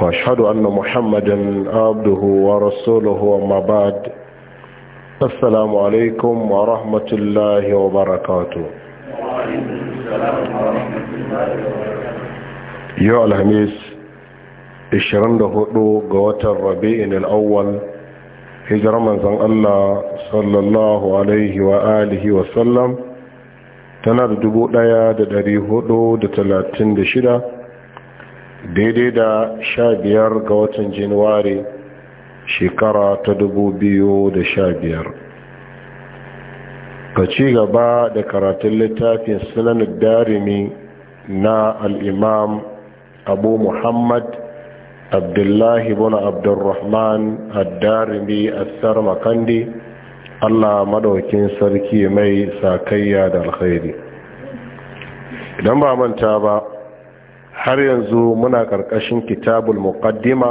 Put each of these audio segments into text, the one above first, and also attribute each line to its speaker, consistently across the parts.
Speaker 1: واشهد ان محمدا عبده ورسوله وما بعد السلام عليكم ورحمه الله وبركاته yau alhamis hudu ga watan rabi'in al'awwal hijirar manzan Allah sallallahu alaihi wa alihi wa sallam tana da shida. daidai da sha biyar ga watan januwari shekara ta dubu biyu da sha biyar ka ci gaba da karatun littafin sunan darimi na al'imam abu muhammad abdullahi bin abdurrahman addarimi Asar, makandi allah madaukin sarki mai sakayya da alkhairi idan ba manta ba har yanzu muna ƙarƙashin kitabul muqaddima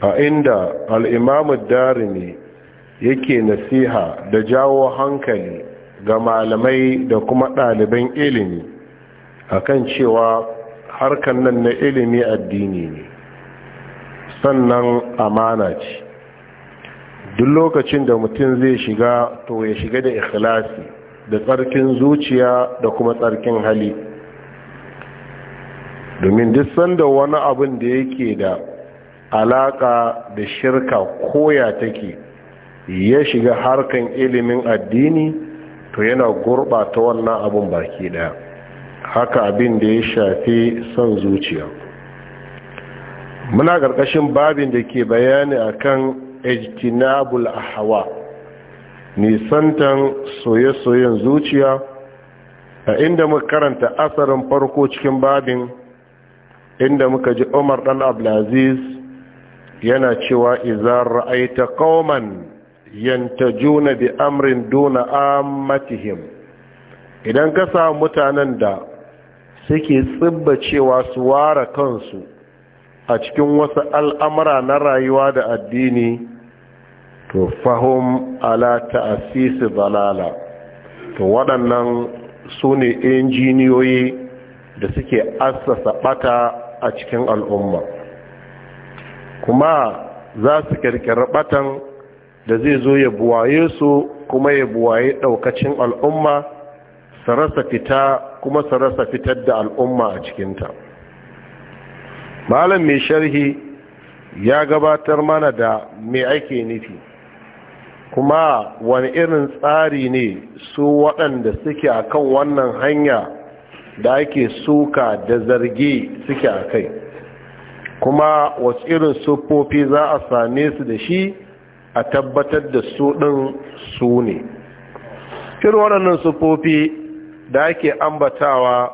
Speaker 1: a inda al'imamu darimi yake nasiha da jawo hankali ga malamai da kuma ɗaliban ilimi akan cewa harkan nan na ilimi addini ne sannan amana ce duk lokacin da mutum zai shiga to ya shiga da ikhlasi da tsarkin zuciya da kuma tsarkin hali domin duk sanda wani abin da yake da alaka da shirka koya take ya shiga harkan ilimin addini to yana ta wannan abin baki ɗaya haka abin da ya shafi son zuciya muna ƙarƙashin babin da ke bayani a kan akan a Hawa, nisantan soye-soyen zuciya a inda muka karanta asarin farko cikin babin inda muka ji umar dan abdulaziz yana cewa izar ra'aita qauman yantajuna bi amrin duna ammatihim idan ka samu mutanen da suke tsibba cewa su ware kansu a cikin wasu al'amura na rayuwa da addini to fahim ala ta'asisi balala to waɗannan su ne injiniyoyi da suke assasa ɓata a cikin al'umma kuma za su kirkiri batan da zai zo ya buwaye su kuma ya buwaye ɗaukacin al'umma su fita kuma su rasa fitar da al'umma a cikinta malam mai sharhi ya gabatar mana da mai ake nufi kuma wani irin tsari ne su waɗanda suke akan wannan hanya da ake suka da zarge suke a kai kuma wasu irin siffofi za a same su da shi a tabbatar da su ɗin su ne irin waɗannan sufofi da ake ambatawa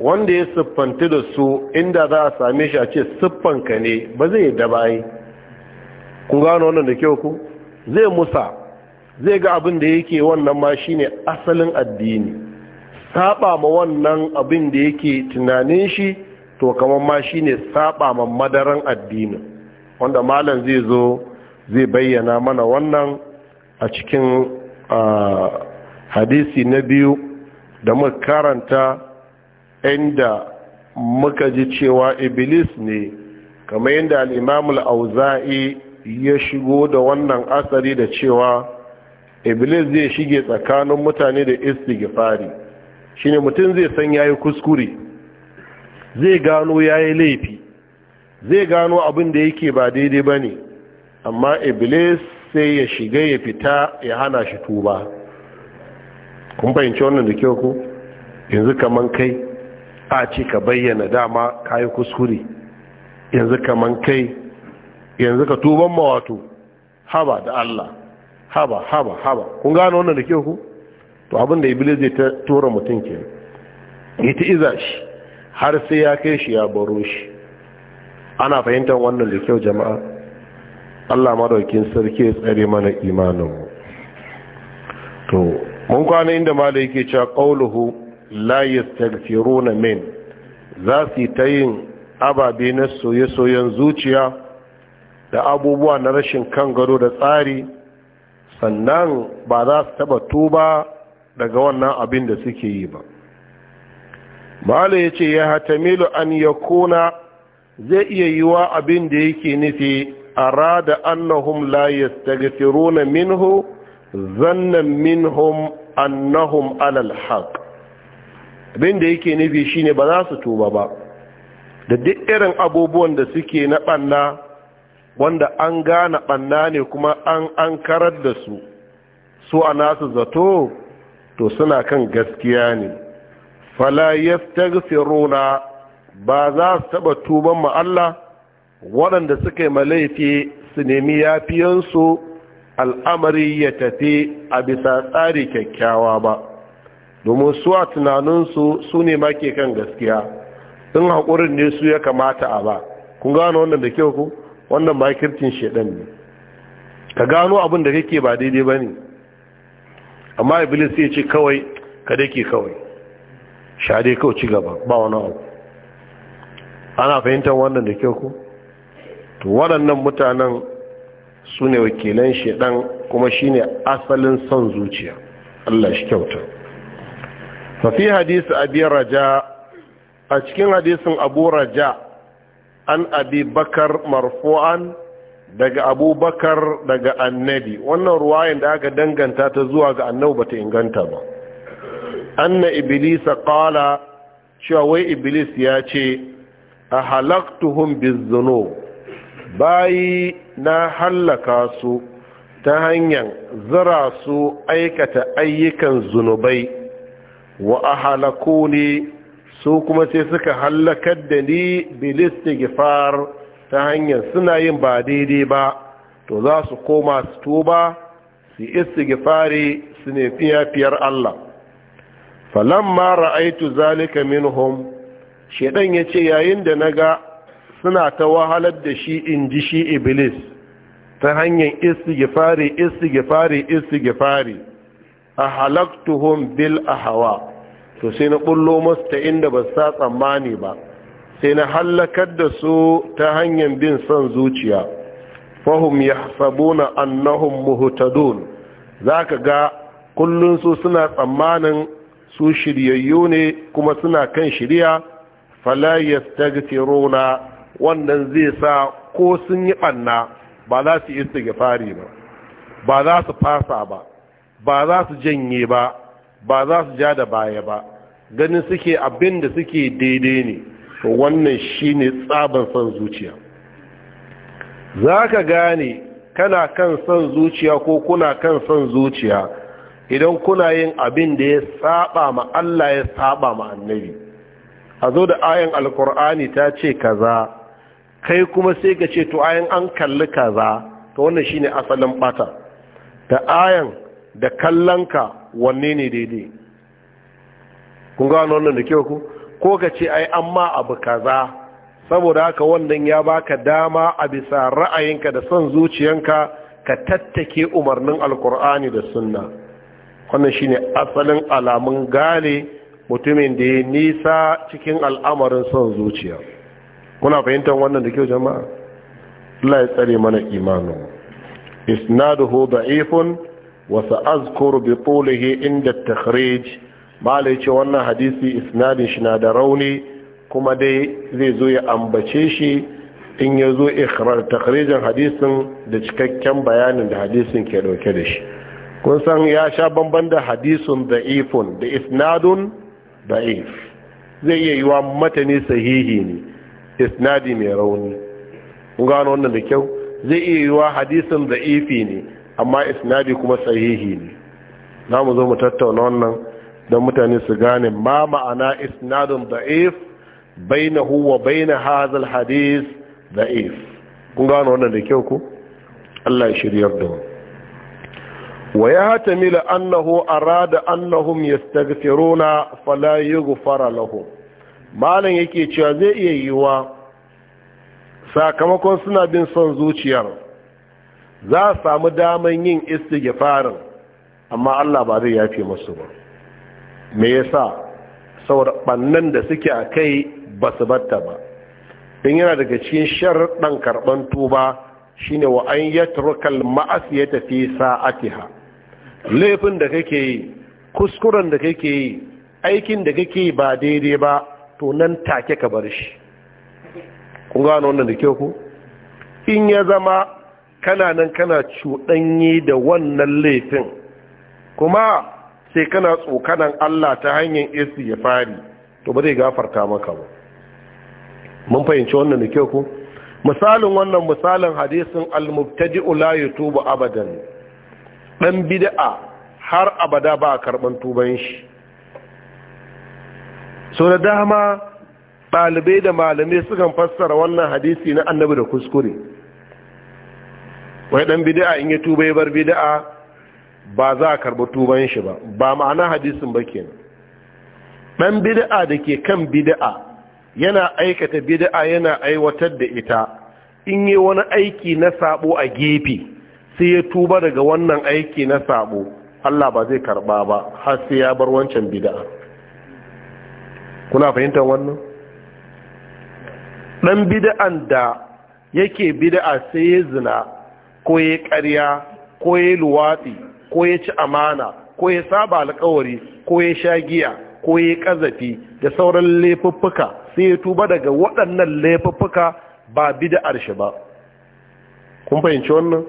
Speaker 1: wanda ya siffanta da su inda za a same shi a ce siffanka ne ba zai da bayi kun gano wannan da kyau ku zai musa zai ga abin da yake wannan ma shine asalin addini saba ma wannan abin da yake tunanin shi to kamar ma ne saba ma madaran addini, wanda malam zai zo zai bayyana mana wannan a cikin hadisi na biyu da muka karanta inda muka ji cewa iblis ne kamar yadda al'imamul auza'i ya shigo da wannan asari da cewa iblis zai shige tsakanin mutane da istighfari shine mutum zai san yayi kuskure zai gano yayi laifi zai gano abin da yake ba daidai ba ne, amma iblis sai ya shiga ya fita ya hana shi tuba kun fahimci wannan da kyau ko yanzu kaman kai a ce ka bayyana dama kayi kuskure yanzu kaman kai yanzu ka tuban mawato haba da Allah haba haba haba kun gano wannan da kyau ku to abin da iblis zai ta tura mutum ke ya iza shi har sai ya kai shi ya baro shi ana fahimtar wannan da kyau jama'a allah madaukin sarki ya tsare mana imaninmu to mun kwana inda mala yake cewa qauluhu la na min za su ta yin ababe na soye-soyen zuciya da abubuwa na rashin kan gado da tsari sannan ba za su taba tuba daga wannan abin da suke yi ba ma'ala ya ce ya hatamilu an ya kuna zai iya yi wa abin da yake nufi a arada annahum la yastaghfiruna minhu zannan minhum annahum alal haq abin da yake nufi shine ba za su tuba ba da duk irin abubuwan da suke na ɓanna wanda an gane ɓanna ne kuma an an karar da su su a nasu zato to suna kan gaskiya ne fala yastaghfiruna ba za su taba tuban ma Allah waɗanda suka yi malaifi su nemi yafiyansu al'amari ya tafi a bisa tsari kyakkyawa ba domin su a tunaninsu su ne ma ke kan gaskiya sun haƙurin ne su ya kamata a ba kun gano wannan da kyau ku wannan makircin shaɗan ne ka gano abin da kake ba daidai ba ne amma iblis sai ce kawai ka dake kawai sha dai kawai ci gaba ba wani abu ana fahimtar wannan da kyau ku to waɗannan mutanen su ne wakilan shaidan kuma shine asalin son zuciya Allah shi kyauta fafi hadisi abi raja a cikin hadisin abu raja an abi bakar marfu'an daga abubakar daga annabi wannan ruwayan da aka danganta ta zuwa ga annabi bata inganta ba anna iblisa qala cewa wai iblis ya ce a halaktuhum bizzuno bayi na hallaka su ta hanyar zira su aikata ayyukan zunubai wa a halaku ne su kuma sai suka hallakar da ni bilis gifar ta hanyar suna yin ba daidai ba to za su koma su tuba su istighfari su ne fiyafiyar Allah falamma ra'aitu zalika minhum shedan yace yayin da naga suna ta wahalar da shi in ji shi iblis ta hanyar istighfari istighfari istighfari ahalaktuhum bil ahwa to sai na bullo musu ta inda ba sa tsammani ba sai na hallakar da su ta hanyar bin son zuciya fahim ya na annahun muhutadun za ka ga kullum su suna tsammanin su shiryayyu ne kuma suna kan shirya falayas rona, wannan zai sa ko sun yi ɓanna ba za su yi fari ba ba za su fasa ba ba za su janye ba ba za su ja da baya ba ganin suke abin da suke daidai ne to wannan shine tsaban son zuciya Za ka gane kana kan son zuciya ko kuna kan son zuciya idan kuna yin abin da ya saba ma Allah ya saba ma annabi a zo da ayan alkur'ani ta ce kaza kai kuma sai ka ce to ayan an kalli kaza to wannan shine asalin bata da ayan da kallonka wanne ne daidai kun gano wannan da kyau ku ko ka ce ai amma abu kaza saboda haka wannan ya baka dama a bisa ra'ayinka da son zuciyanka ka tattake umarnin alkur'ani da sunna wannan shine asalin alamun gane mutumin da ya nisa cikin al'amarin son zuciya Kuna fahimtar wannan da kyau jama'a Allah ya tsare mana imanin isnaduhu da'ifun wa sa'azkuru bi tulihi inda takhrij mala ya ce wannan hadisi isnadin shi na da rauni kuma dai zai zo ya ambace shi in ya zo ikirar takarijin hadisin da cikakken bayanin da hadisin ke dauke da shi kun san ya sha bamban da hadisun da'ifun da isnadun da'if zai iya yiwa matani sahihi ne isnadi mai rauni kun gano wannan da kyau zai iya yiwa hadisin da'ifi ne amma isnadi kuma sahihi ne za mu zo mu tattauna wannan don mutane su gane ma ma'ana isnadun da'if na huwa bai na al-hadith da'if kun gano wannan da kyau ko Allah ya shiryar da mu wa yahtamil annahu arada annahum yastaghfiruna fala yughfara lahum malan yake cewa zai iya yiwa sakamakon suna bin son zuciyar za a samu daman yin istighfarin amma Allah ba zai yafe masu ba me yasa saboda bannan da suke a kai ba su batta ba in yana daga cikin sharɗan karɓan tuba shine wa an yatrukal ya tafi sa'atiha laifin da kake yi kuskuren da kake yi aikin da kake yi ba daidai ba to nan take ka bar shi kun gano wannan da kyau ku in ya zama kana nan kana cuɗanyi da wannan laifin kuma sai kana tsokanan Allah ta hanyar ya fari to ba zai gafarta maka ba mun fahimci wannan da kyau ko misalin wannan misalin hadisin al mubtadi la yatubu abadan dan bid'a har abada ba karban tuban shi so da dama ɗalibai da malamai sukan fassara wannan hadisi na annabi da kuskure wai dan bid'a in ya tuba ya bar bid'a ba za a karɓi tuban shi ba ba ma'ana hadisin ba ke. ɗan bida'a da ke kan bida'a yana aikata bida'a yana aiwatar da ita in yi wani aiki na sabo a gefe sai ya tuba daga wannan aiki na sabo Allah ba zai karba ba har sai ya bar wancan bida'a kuna fahimtar wannan Ɗan bida'an da yake bida'a sai ya zina ko ya ƙarya ko ya luwatsi ko ya ci amana ko ya saba alkawari ko ya sha giya ko ya kazafi da sauran laifuffuka sai ya tuba daga waɗannan laifuffuka ba bid'ar shi ba kun fahimci wannan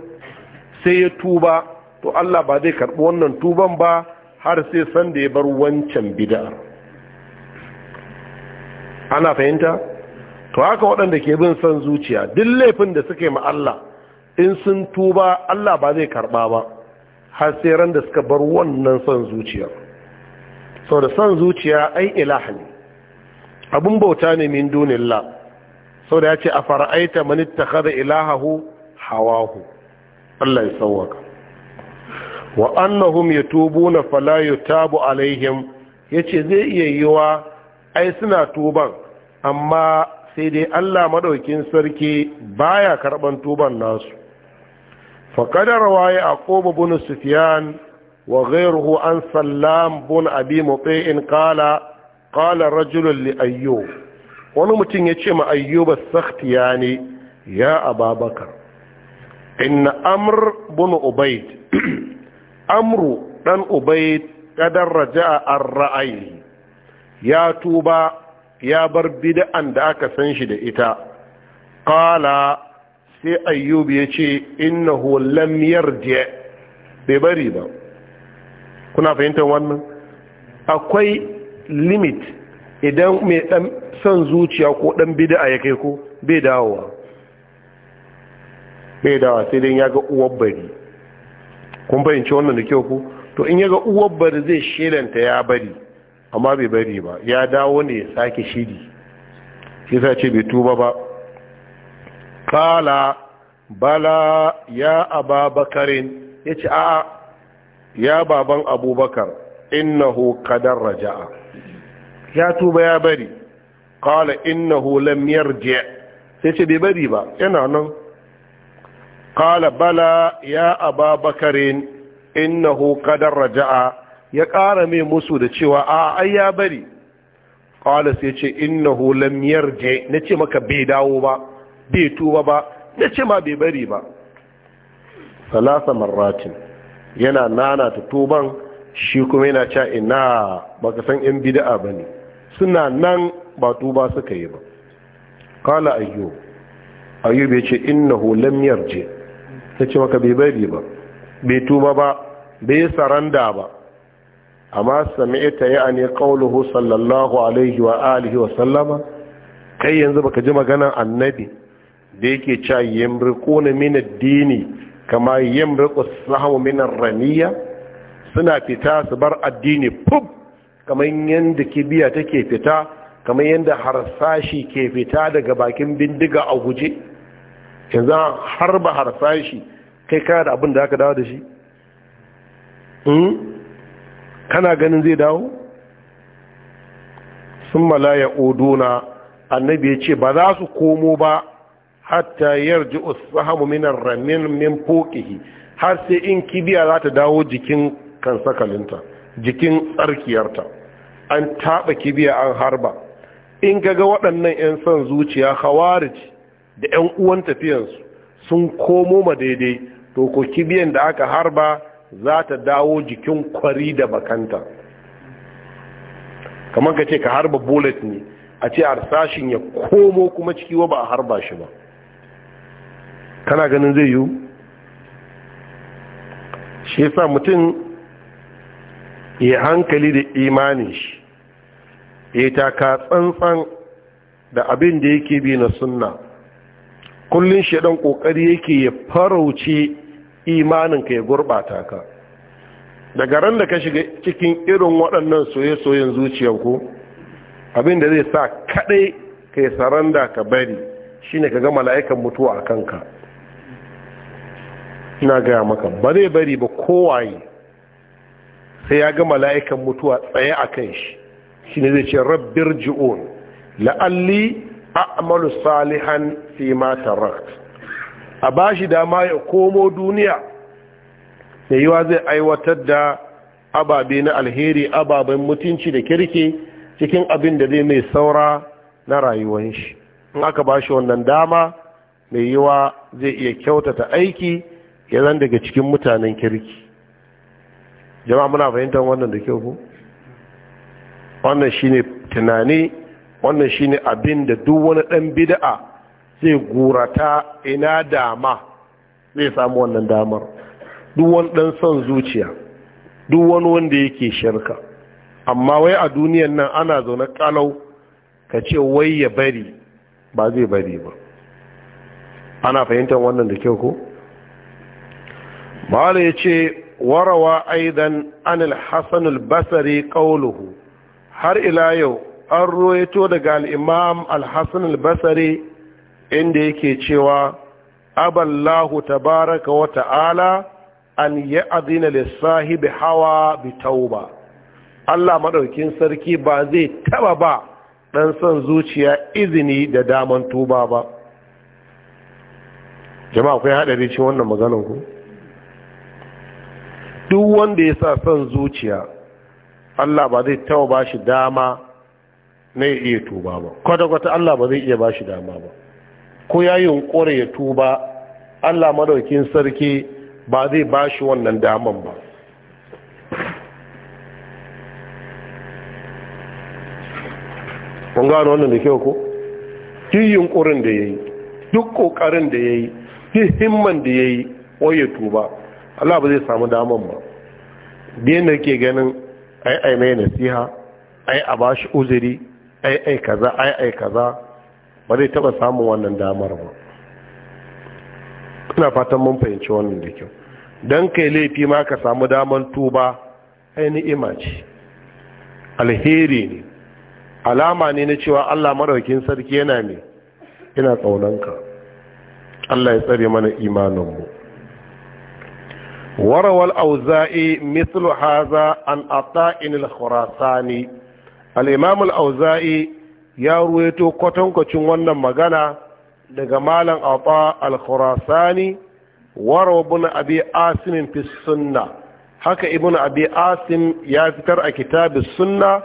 Speaker 1: sai ya tuba to Allah ba zai karɓi wannan tuban ba har sai san da ya bar wancan bid'ar ana fahimta to haka waɗanda ke bin son zuciya duk laifin da suka ma Allah in sun tuba Allah ba zai karɓa ba har sai ran da suka bar wannan son zuciyar sau da son zuciya ai ilaha ne abin bauta ne min dunillah sau da ya ce a fara'aita manitta kada ilahahu hawahu Allah ya sauwaka wa annahum yatubuna fala yutabu alaihim yace zai iya yiwa ai suna tuban amma sai dai Allah madaukin sarki baya karban tuban nasu فقدر رواه عقوب بن سفيان وغيره عن سلام بن ابي مطيع قال قال رجل لايوب wani mutum ya ce ma ayyuba sakti ya ne ya ababakar inna amr bin ubaid amru ɗan ubaid kadar raja an ra'ayi ya tuba ya bar bid'an da aka san shi da ita kala sai ayyub ya ce innahu lam yarje bai bari ba kuna fahimtar wannan akwai limit idan mai dan son zuciya ko dan bid'a ya kai ko bai dawowa bai dawa sai dai ya ga uwar bari kun bayyance wannan da kyau ku to in ya ga uwar bari zai shelanta ya bari amma bai bari ba ya dawo ne ya sake shiri shi sa ce bai tuba ba kala bala ya aba bakarin ya ce a ya baban abubakar innahu kadar raja'a ya tuba ya bari kala innahu lamiyar je sai ce bai bari ba yana nan kala bala ya aba bakarin innahu kadar raja'a ya kara mai musu da cewa a ai ya bari kala sai ce innahu lamiyar je na ce maka bai dawo ba bai tuba ba ya ce ma bai bari ba salasa marratin yana nana ta tuban shi kuma yana cewa ina baka san yan bid'a bane suna nan ba tuba suka yi ba qala ayyub ayyub ya ce innahu lam yarji ce maka bai bari ba bai tuba ba bai saranda ba amma sami'ta ne qawluhu sallallahu alaihi wa alihi wa sallama kai yanzu baka ji maganar annabi da yake cewa yamriko min mina dini kama yamriko as min suna fita su bar addini fuf kamar yadda kibiya take fita kamar yadda harsashi ke fita daga bakin bindiga a guje yanzu har harba harsashi kai kana da abin da aka dawo da shi hmm? kana ganin zai dawo sun malaya oduna annabi ya ce ba za su komo ba hatta yarji usfahamu min ar-ramin min fuqihi har sai in kibiya za ta dawo jikin kansakalinta jikin tsarkiyarta an taɓa kibiya an harba in gaga waɗannan 'yan son zuciya khawarij da 'yan uwan tafiyansu sun komo ma daidai to ko kibiyan da aka harba za ta dawo jikin kwari da bakanta kamar ka ce ka harba bullet ne a ce harsashin ya komo kuma ciki wa ba a harba shi ba kana ganin zai yiwu shi sa mutum ya hankali da imanin shi ya taka tsantsan da abin da yake bi na sunna kullum shi dan kokari yake ya farauce imanin ka ya gurɓata ka daga ran da ka shiga cikin irin waɗannan soye-soyen zuciyar ko abin da zai sa kaɗai ka yi saranda ka bari shi ne ka gama mala'ikan mutuwa a kanka ina gaya maka ba zai bari ba kowaye sai ya ga mala'ikan mutuwa tsaye a kan shi shi ne zai ce rabbir ji'un la'alli a'malu salihan fi ma a ba shi dama ya komo duniya da yiwa zai aiwatar da ababe na alheri ababen mutunci da kirki cikin abin da zai mai saura na rayuwan shi in aka ba shi wannan dama mai yiwa zai iya kyautata aiki ya zan daga cikin mutanen kirki jama'a muna fahimtar wannan da kyau ko wannan shine tunani wannan shine abin da duk wani dan bid'a zai gurata ina dama zai samu wannan damar duk wani dan son zuciya duk wani wanda yake shirka amma wai a duniyan nan ana zaune kalau ka ce wai ya bari ba zai bari ba ana fahimtar wannan da kyau ko mala ya ce warawa aidan anil hassan albasari ƙauluhu har ila yau an royato daga al'imam al-hassan inda yake cewa aballahu tabaraka wa ta'ala an yi adina lissahibi hawa bi tauba allah maɗaukin sarki ba zai taba ba ɗan son zuciya izini da daman tuba ba jama'a kun haɗari cikin wannan maganin ku duk wanda ya sa son zuciya Allah ba zai taɓa ba shi dama na ya iya tuba ba kwata-kwata Allah ba zai iya ba shi dama ba ko ya yi hunkura ya tuba Allah madaukin sarki ba zai ba shi wannan daman ba kun gano wannan da kyau ko duk yunƙurin da ya yi duk ƙoƙarin da ya yi duk himman da ya yi ya tuba Allah ba zai samu daman ba biyan da ke ganin ai ai mai nasiha ai a ba shi uzuri ai ai kaza ai ai kaza ba zai taba samun wannan damar ba ina fatan mun fahimci wannan da kyau don kai laifi ma ka samu daman tuba ai ni'ima ce alheri ne alama ne na cewa Allah maraukin sarki yana ne yana tsaunanka Allah ya tsare mana imaninmu warawal auza'i mithlu haza an ata'in al-khurasani al-imam al-auza'i ya ruwaito kwatankwacin wannan magana daga malam ata al-khurasani warawa ibn asim fi sunna haka ibn abi asim ya fitar a kitab sunna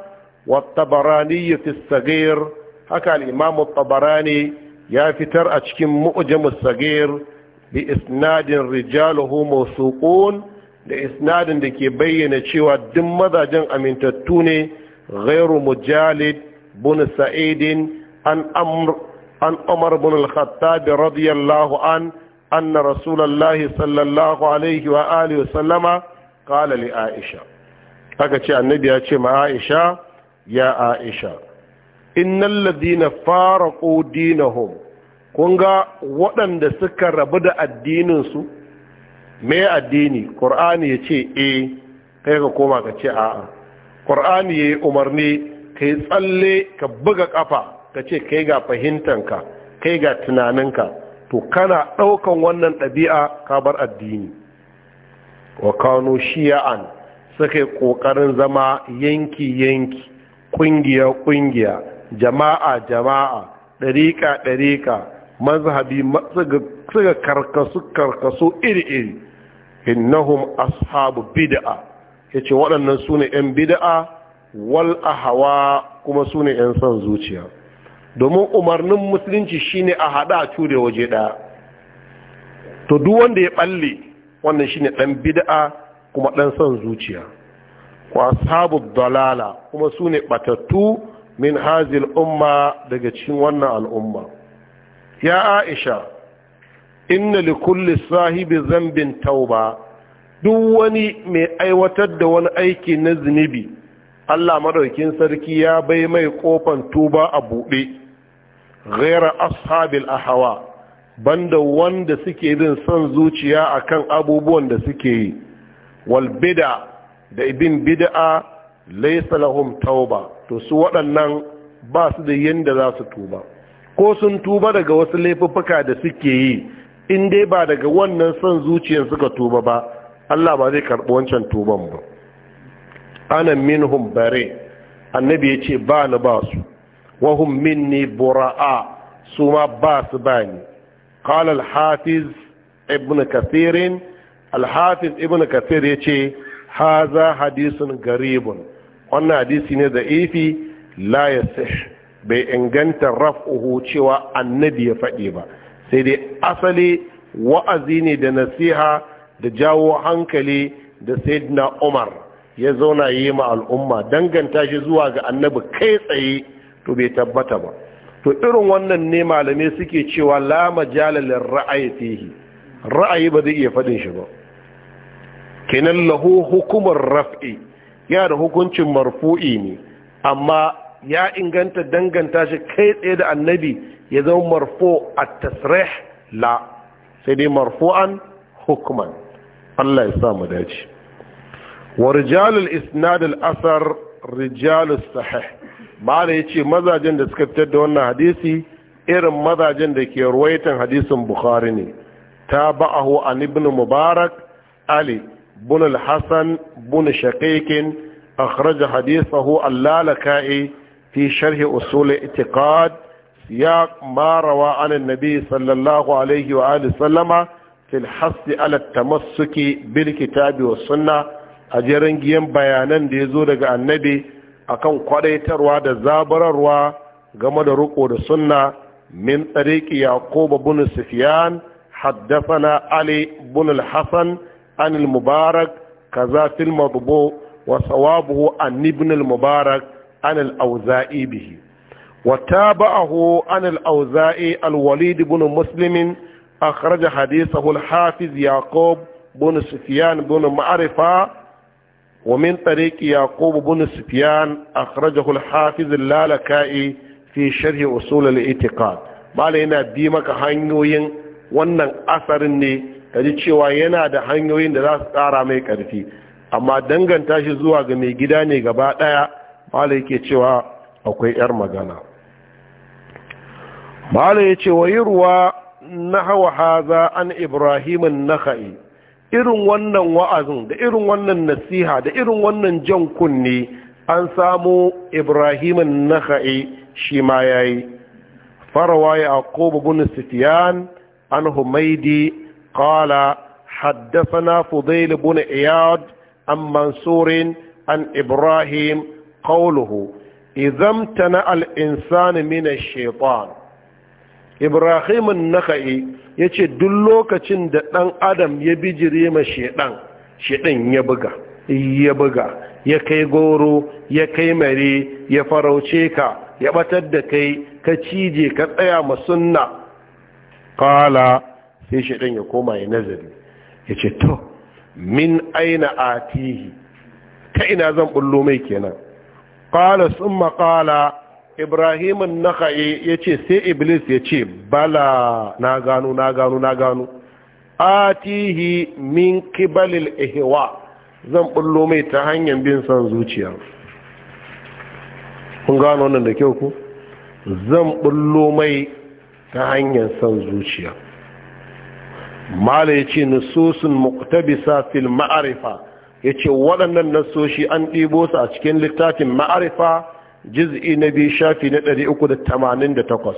Speaker 1: wa tabarani fi saghir haka al-imam tabarani ya fitar a cikin mu'jam as-saghir bi isnadin rijaluhu mawsuqun da isnadin da ke bayyana cewa duk mazajen amintattu ne ghairu mujalid bin sa'idin an amr an umar bin al-khattab radiyallahu an sallallahu alaihi wa sallama qala aisha haka ce annabi ya ce ma aisha ya aisha innal kun ga waɗanda suka rabu da addininsu mai addini ƙur'ani ya ce e kai ka koma ka ce a'a ƙur'ani ya yi umarni ka yi tsalle ka buga ƙafa ka ce kai ga fahimtanka kai ga tunaninka to kana ɗaukan wannan ɗabi'a ka bar addini wa kano shiya'an suka yi ƙoƙarin zama yanki-yanki ƙungiya-ƙungiya jama'a-jama'a ɗariƙa-ɗariƙa mazhabi suka karkasu karkasu iri-iri innahum ashabu bid'a yace waɗannan su ne 'yan bid'a wal ahawa kuma su ne 'yan son zuciya domin umarnin musulunci shine a haɗa a cure waje ɗaya to duk wanda ya ɓalle wannan shine ɗan bid'a kuma ɗan son zuciya wa ashabu dalala kuma su ne ɓatattu min hazil umma daga cikin wannan al'umma ya aisha inna li kulli sahibi zambin tauba duk wani mai aiwatar da wani aiki na zunubi Allah maɗaukin sarki ya bai mai ƙofan tuba a buɗe ghaira ashabil ahawa banda wanda suke bin son zuciya akan abubuwan da suke yi wal da ibin bid'a laysa lahum tauba to su waɗannan ba su da yadda za su tuba ko sun tuba daga wasu laifuffuka da suke yi in dai ba daga wannan son zuciyar suka tuba ba Allah ba zai karɓi wancan tuban ba ana minhum bare annabi ya ce ba ni ba su wahum minni bura'a su ma ba su ba ni kala alhafiz ibn Kathirin, alhafiz ibn kathir ya ce haza hadisun garibun wannan hadisi ne da ifi la bai inganta raf'uhu cewa annabi ya faɗi ba sai dai asali wa'azi ne da nasiha da jawo hankali da sayyidina umar ya zauna yi ma al'umma danganta shi zuwa ga annabi kai tsaye to bai tabbata ba to irin wannan ne malamai suke cewa la majalalin ra'ayi fihi ra'ayi ba zai iya faɗin shi ba kenan lahu hukumar raf'i ya da hukuncin marfu'i ne amma ya inganta danganta shi kai tsaye da annabi ya zama marfo a tasrih la sai dai marfo'an hukman Allah ya samu dace wa rijalul isnadul asar rijalus sahih mala yace mazajen da suka fitar da wannan hadisi irin mazajen da ke ruwaitan hadisin bukhari ne taba'ahu an ibn mubarak ali bin al-hasan bin a akhraja hadithahu al في شرح أصول اعتقاد سياق ما روى عن النبي صلى الله عليه وآله وسلم في الحث على التمسك بالكتاب والسنة أجرن جيم بيانا دي زودك النبي أكون قريتر وعد زابر روا قمد رقو السنة من طريق يعقوب بن سفيان حدثنا علي بن الحسن عن المبارك كذا في المضبوط وصوابه عن ابن المبارك anal al-auza'i bihi wa tabahu an al-auza'i al-walid ibn muslim akhraj hadithahu al-hafiz yaqub ibn sufyan ibn ma'rifa ومن طريق يعقوب بن سفيان أخرجه الحافظ اللالكائي في شرح أصول الاعتقاد yana bi maka hanyoyin wannan asarin ne ka cewa yana da hanyoyin da za su ƙara mai ƙarfi amma danganta shi zuwa ga mai gida ne gaba ɗaya mala yake cewa akwai yar magana mala ya ce wa yi ruwa na hawa haza an ibrahimin naka'i irin wannan wa'azin da irin wannan nasiha da irin wannan jan kunne an samu ibrahimin naka'i shi ma ya yi farawa ya an humaidi kala haddasa na fudail bin iyad an mansurin an ibrahim qawluhu idan tana al'insani mina shaitan ibrahimun naka'i ya ce duk lokacin da ɗan adam ya bijire ma shaitan shaitan ya buga ya buga ya kai goro ya kai mare ya farauce ka ya batar da kai ka cije ka tsaya ma sunna kala sai shaitan ya koma ya nazari ya ce to min aina atihi ta ina zan bullo mai kenan ƙala sun maƙala ibrahimun naka'i ya ce sai iblis ya ce bala na gano na gano na gano atihi min kibalil ihwa zan bullo mai ta hanyar bin son zuciya kun gano nan da kyau ku zan bullo mai ta hanyar son zuciya mala ya ce nususun muktabisa fil ma'arifa ya ce waɗannan nasoshi an ɗibo su a cikin littafin ma'arifa jiz'i na biyu shafi na takwas.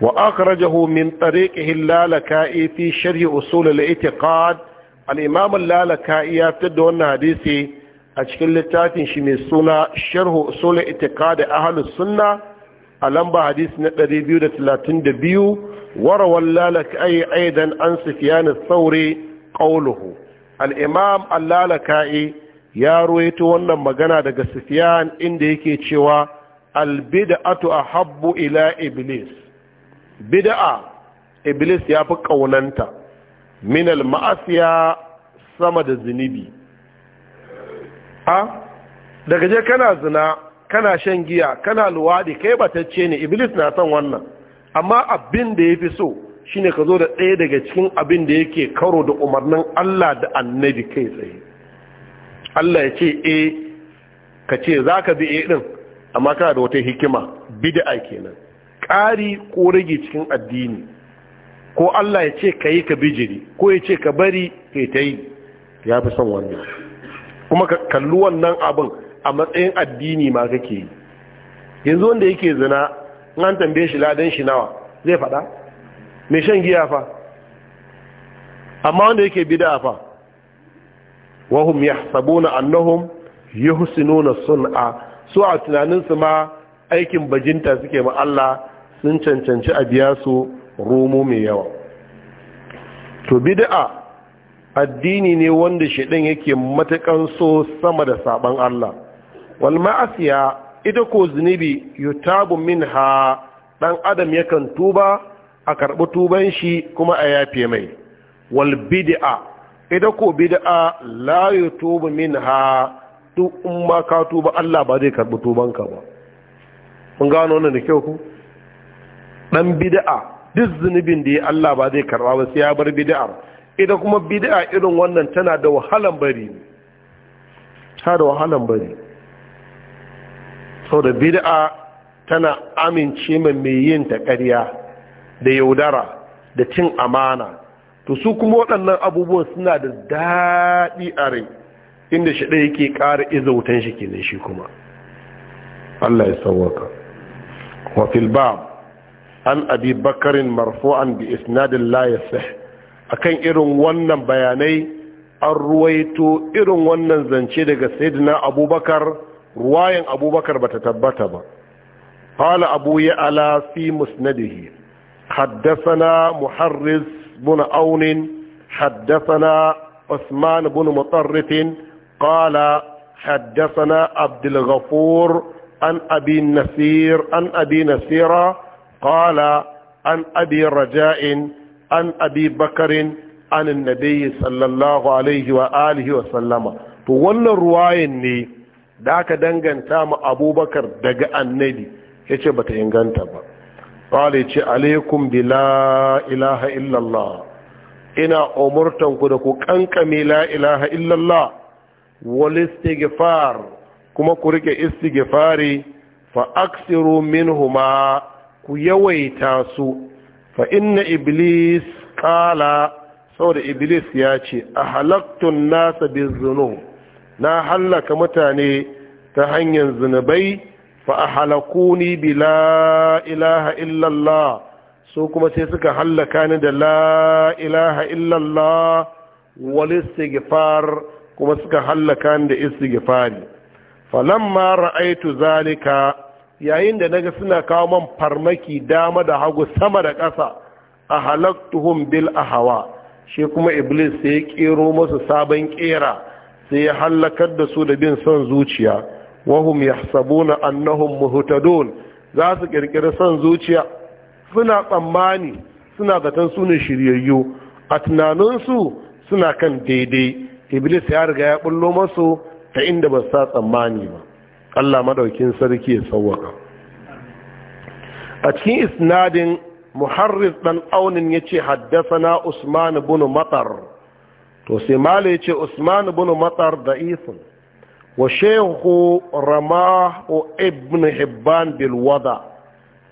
Speaker 1: wa akhrajahu min tariqi hilalaka'i fi shari'a usul itiqad al lalakai ya da wannan hadisi a cikin littafin shi mai suna sharhu usul al-i'tiqad ahlus sunna a lamba hadisi na 232 warawal lalaka'i aidan an sufyan na thawri qawluhu al'imam allalaka'i ya ta wannan magana daga sufiyan inda yake cewa albida'atu a habbu ila iblis bida'a iblis ya fi ƙaunanta minal ma'asiya sama da zunubi a daga je kana zina kana shan giya kana luwaɗi kai batacce ne iblis na son wannan amma abin da ya fi so shine ka zo da ɗaya daga cikin abin da yake karo da umarnin Allah da annabi kai tsaye Allah ya ce e ka ce za ka bi e ɗin amma kana da wata hikima bid'a kenan ƙari ko rage cikin addini ko Allah ya ce ka yi ka bijiri ko ya ce ka bari ka ta yi ya fi son wannan kuma ka kalli wannan abin a matsayin addini ma kake yi yanzu wanda yake zina an tambaye shi ladan shi nawa zai faɗa mai shan giya fa amma wanda yake bid'a fa wahum yahsabuna annahum yuhsinuna sun'a su a tunanin su ma aikin bajinta suke ma Allah sun cancanci a biya su rumu mai yawa to bid'a addini ne wanda shedan yake matakan so sama da saban Allah wal ma'asiya ita ko zunubi yutabu minha dan adam yakan tuba a karɓi tuban shi kuma a yafe mai wal bid'a ida ko bid'a la yutubu minha duk in ka tuba Allah ba zai karɓi tubanka ba mun gano wannan da kyau ku dan bid'a duk zunubin da ya Allah ba zai karɓa ba sai ya bar bid'a ida kuma bid'a irin wannan tana da wahalan bari ta da wahalan bari saboda bid'a tana amince mai yin ta ƙarya da yaudara da cin amana to su kuma waɗannan abubuwan suna da daɗi a rai inda shi ɗaya yake ƙara izautan shi ke shi kuma Allah ya sauwaka wa fil an abi bakarin marfu'an bi isnadin layasa a kan irin wannan bayanai an ruwaito irin wannan zance daga saidina abubakar ruwayan abubakar ba ta tabbata ba hala abu ya ala fi musnadihi حدثنا محرز بن عون حدثنا عثمان بن مطرف قال حدثنا عبد الغفور عن أبي النسير عن أبي نسير قال عن أبي رجاء عن أبي بكر عن النبي صلى الله عليه وآله وسلم to wannan ruwayan ne da aka danganta mu abubakar daga annabi ya ce inganta ba qala ce alaikum bi la ilaha illallah ina umurtan ku da ku kankame la ilaha illallah wal istighfar kuma ku rike istighfari fa aksiru minhuma ku yawaita su fa inna iblis qala saboda iblis ya ce a halaktun nasa bizunu na hallaka mutane ta hanyar zunubai fa ahlakuni bi la ilaha illallah so kuma sai suka hallaka ni da la ilaha illallah wal istighfar kuma suka hallaka ni da istighfari falamma ra'aitu zalika yayin da naga suna kawo man farmaki dama da hagu sama da ƙasa a halaktuhum bil hawa. shi kuma iblis sai ya ƙero masu sabon ƙera sai ya hallakar da su da bin son zuciya wahum yahsabuna annahum muhtadun za su kirkiri son zuciya suna tsammani suna zaton su ne shiryayyu a tunaninsu suna kan daidai iblis ya riga ya bullo masu ta inda ba sa tsammani ba Allah madaukin sarki ya sauwaka a cikin isnadin muharris dan aunin ya ce haddasa usman bin matar to sai mala ya ce usman bin matar da ifin wa shehu ramahu ibn hibban bil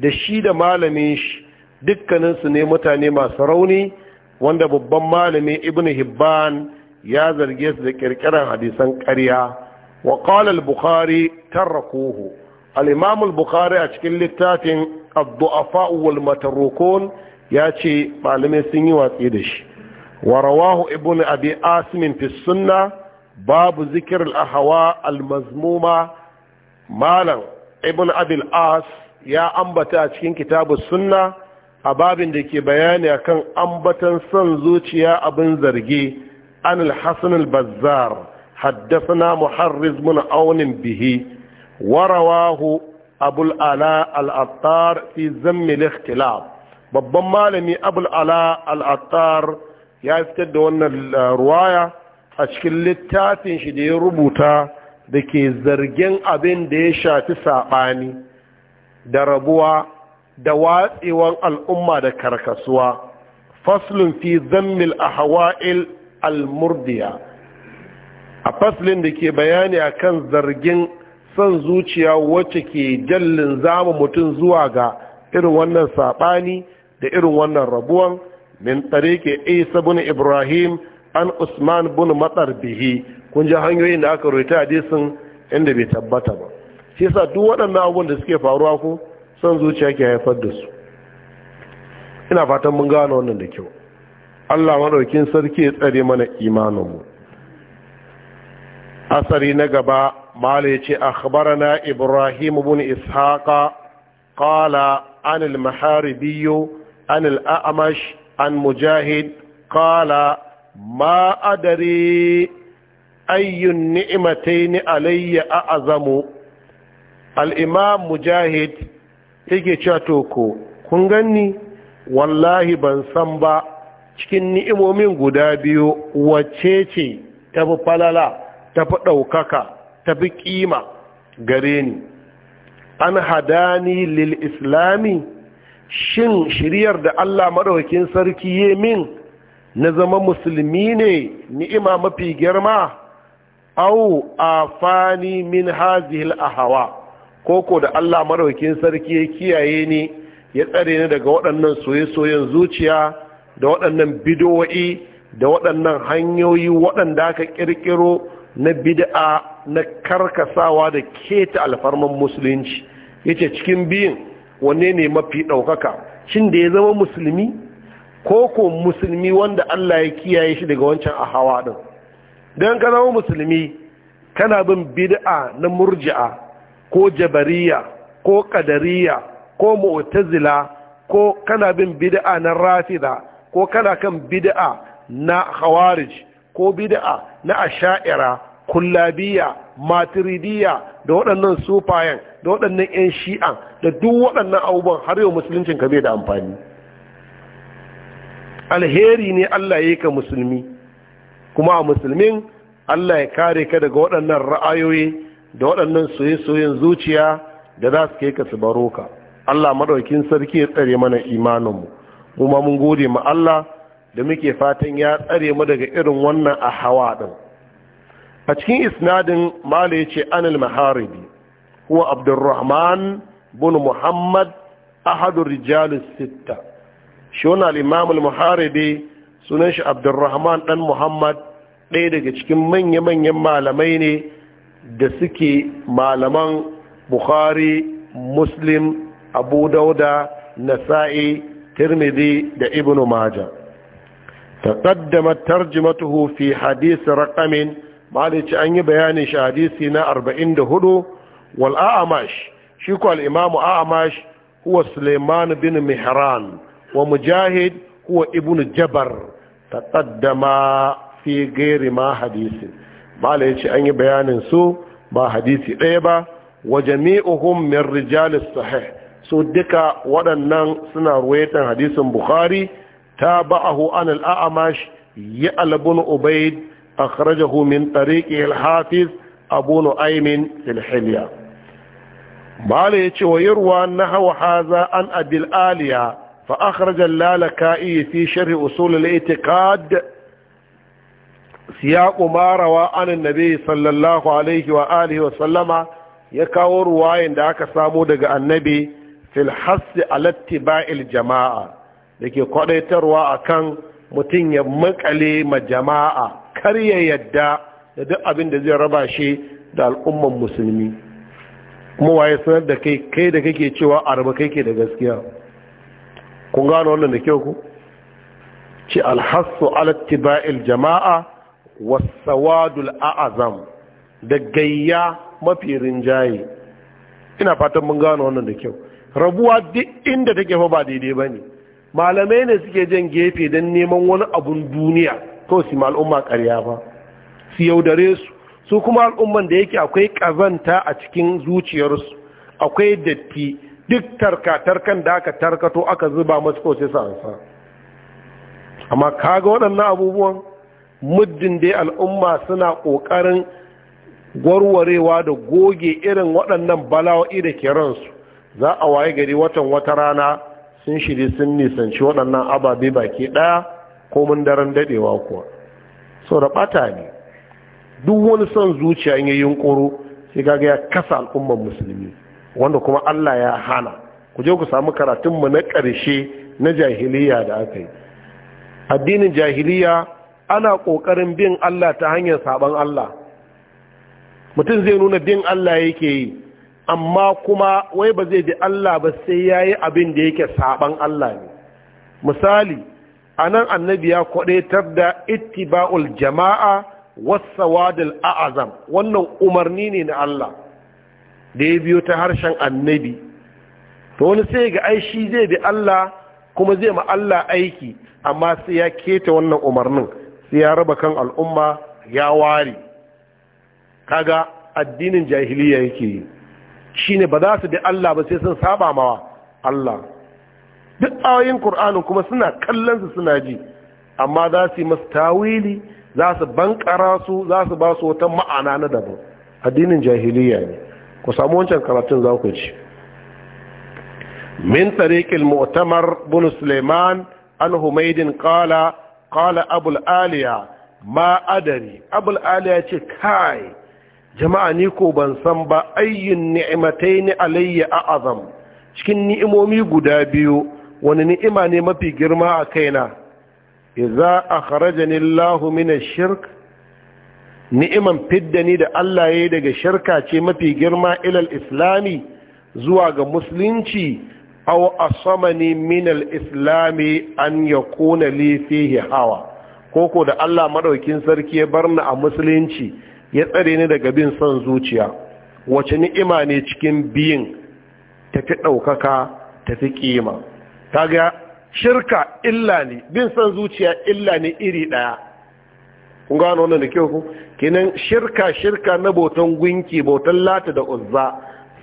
Speaker 1: da shi da malamin shi dukkaninsu ne mutane masu rauni wanda babban malami ibn hibban ya zarge su da kirkiran hadisan ƙarya wa al-bukhari tarakuhu al-imam al-bukhari a cikin littafin ad-du'afa wal matarukun ya ce malamai sun yi watsi da shi wa rawahu ibn abi asim fi sunnah babu zikir al-ahwa al-mazmuma malam ibn abil as ya ambata a cikin kitabu sunna a babin da ke bayani akan ambatan son zuciya abin zargi an al-hasan al-bazzar haddasa محرز من عون به ورواه أبو الألاء الأطار babban malami abul ala al'attar ya fitar da wannan ruwaya a cikin littafin shi da ya rubuta da ke zargin abin da ya shafi saɓani da rabuwa da watsewan al'umma da karkasuwa faslin fi zammil a hawa'il almurdiya a faslin da ke bayani a kan zargin son zuciya wacce ke jallin zama mutum zuwa ga irin wannan saɓani da irin wannan rabuwan min ke isa bin ibrahim an usman bin matsar bihi kun ji hanyoyin da aka roita hadisin inda bai tabbata ba shi yasa duk waɗannan abubuwan da suke faruwa ku son zuciya ke haifar da su ina fatan mun gano wannan da kyau Allah madaukin sarki ya tsare mana imaninmu asari na gaba mala ya ce na ibrahim ibn ishaqa qala an al-maharibi an al-a'mash an mujahid qala ma adare ayyun ni'imataini alayya a'azamu al-imam mujahid yake cewa to ko kun ganni wallahi ban san ba cikin ni'imomin guda biyu wacce ce tafi falala tafi ɗaukaka tafi ƙima gare ni an hadani lil islami shin shiryar da Allah maɗaukin sarki ye min na zama musulmi ne ni'ima mafi girma au a fani min hazihil ahawa koko da Allah maraukin sarki ya kiyaye ni ya tsare ni daga waɗannan soye-soyen zuciya da waɗannan bidowa'i da waɗannan hanyoyi waɗanda aka ƙirƙiro na bid'a na karkasawa da keta alfarman musulunci yace cikin biyun wanne ne mafi ɗaukaka shin da ya zama musulmi ko ko musulmi wanda Allah ya kiyaye shi daga wancan a hawa ɗin don ka zama musulmi kana bin bid'a na murji'a ko jabariya ko ƙadariya ko mu'tazila ko kana bin bid'a na rafida ko kana kan bid'a na khawarij ko bid'a na asha'ira kullabiya matiridiya da waɗannan sufayen da waɗannan 'yan shi'an da duk waɗannan abubuwan har yau musuluncin ka bai da amfani alheri ne Allah ya yi ka musulmi kuma a musulmin Allah ya kare ka daga waɗannan ra'ayoyi da waɗannan soye-soyen zuciya da za su kai ka su baro ka Allah maɗaukin sarki ya tsare mana imaninmu kuma mun gode ma Allah da muke fatan ya tsare mu daga irin wannan a hawa ɗin a cikin isnadin mala ya ce anil maharibi kuwa abdurrahman bin muhammad ahadu rijalus sitta Shin wani al'imamul muharibi sunan shi abdurrahman dan muhammad ɗaya daga cikin manya-manyan malamai ne da suke malaman bukhari muslim abu dauda nasa'i tirmidhi da ibn maja taqaddamat tarjimatuhu fi hadith raqamin malici an yi bayanin shi hadisi na 44 wal a'mash shi ko al-imam a'mash huwa sulaiman bin mihran wa mujahid kuwa ibnu jabar taqaddama fi ghairi ma hadisi mala yace an yi bayanin su ba hadisi ɗaya ba wa jami'uhum min rijalis sahih so duka waɗannan suna ruwaitan hadisin bukhari ta ba'ahu an al'amash ya albun ubaid akhrajahu min tariqi al-hafiz abu nu'aymin fil hilya mala yace wa na nahwa hadha an abil aliya فأخرج اللالكائي في شرح أصول الاعتقاد سياق ما روى عن النبي صلى الله عليه وآله وسلم يكاو رواية داك سامو دقى النبي في الحس على اتباع الجماعة لكي قد تروى أكان متين يمكالي ما جماعة كري يدى يدى أبن دزي رباشي دا الأمم المسلمين مو waye sanar da kai kai da kake cewa arba kai kun gano wannan da kyau ku ci alhassu alattiba'il jama'a wasawadul a'azam da gayya mafi rinjaye ina fatan mun gano wannan da kyau rabuwa duk inda take fa ba daidai ba ne malamai ne suke jan gefe don neman wani abun duniya to su al'umma karya ba su yaudare su su kuma al'umman da yake akwai ƙazanta a cikin zuciyarsu akwai datti duk tarkatarkan kan da aka tarkato aka zuba masu ko an sa amma kaga waɗannan abubuwan muddin dai al'umma suna ƙoƙarin gwarwarewa da goge irin waɗannan bala'o'i da ke ransu za a waye gari watan wata rana sun shiri sun nisanci waɗannan ababe baki ɗaya ko mun daren daɗewa kuwa sau da ɓata ne duk wani son zuciya yin yunƙuro sai kaga ya kasa al'ummar musulmi wanda kuma Allah ya hana ku je ku samu karatunmu na ƙarshe na jahiliya da aka yi addinin jahiliya ana ƙoƙarin bin Allah ta hanyar saban Allah mutum zai nuna bin Allah yake yi amma kuma wai ba zai bi Allah ba sai ya yi abin da yake saban Allah ne misali a nan annabi ya kwaɗaitar da ittiba'ul jama'a wasawadil a'azam wannan umarni ne na Allah da ya biyo ta harshen annabi to wani sai ga ai zai bi Allah kuma zai ma Allah aiki amma sai ya keta wannan umarnin sai ya raba kan al'umma ya ware kaga addinin jahiliya yake yi shine ba za su bi Allah ba sai sun saba mawa Allah duk ayoyin Kur'anin kuma suna kallon su suna ji amma za su yi masu tawili za su bankara su za su ba su wata ma'ana na daban addinin jahiliya ne ku samu wancan karatun za ku ci min tariqil mu'tamar bin Suleiman an Humaydin qala qala Abul Aliya ma adari Abul Aliya ce kai jama'a ni ko ban san ba ayyun ni'mataini alayya azam? cikin ni'imomi guda biyu wani ni'ima ne mafi girma a kaina idza akhrajani Allahu min ash-shirk ni'iman fidda ni da Allah ya daga shirka ce mafi girma ilal islami zuwa ga musulunci aw asamani min al islami an yakuna li fihi hawa Ko da Allah maɗaukin sarki ya barna a musulunci ya tsare ni daga bin son zuciya wace ni'ima ne cikin biyin tafi ɗaukaka tafi kima kaga shirka illa ne bin son zuciya illa ne iri ɗaya kun gano wannan da kyau ku Kinan shirka shirka na botan gunki botan lata da uzza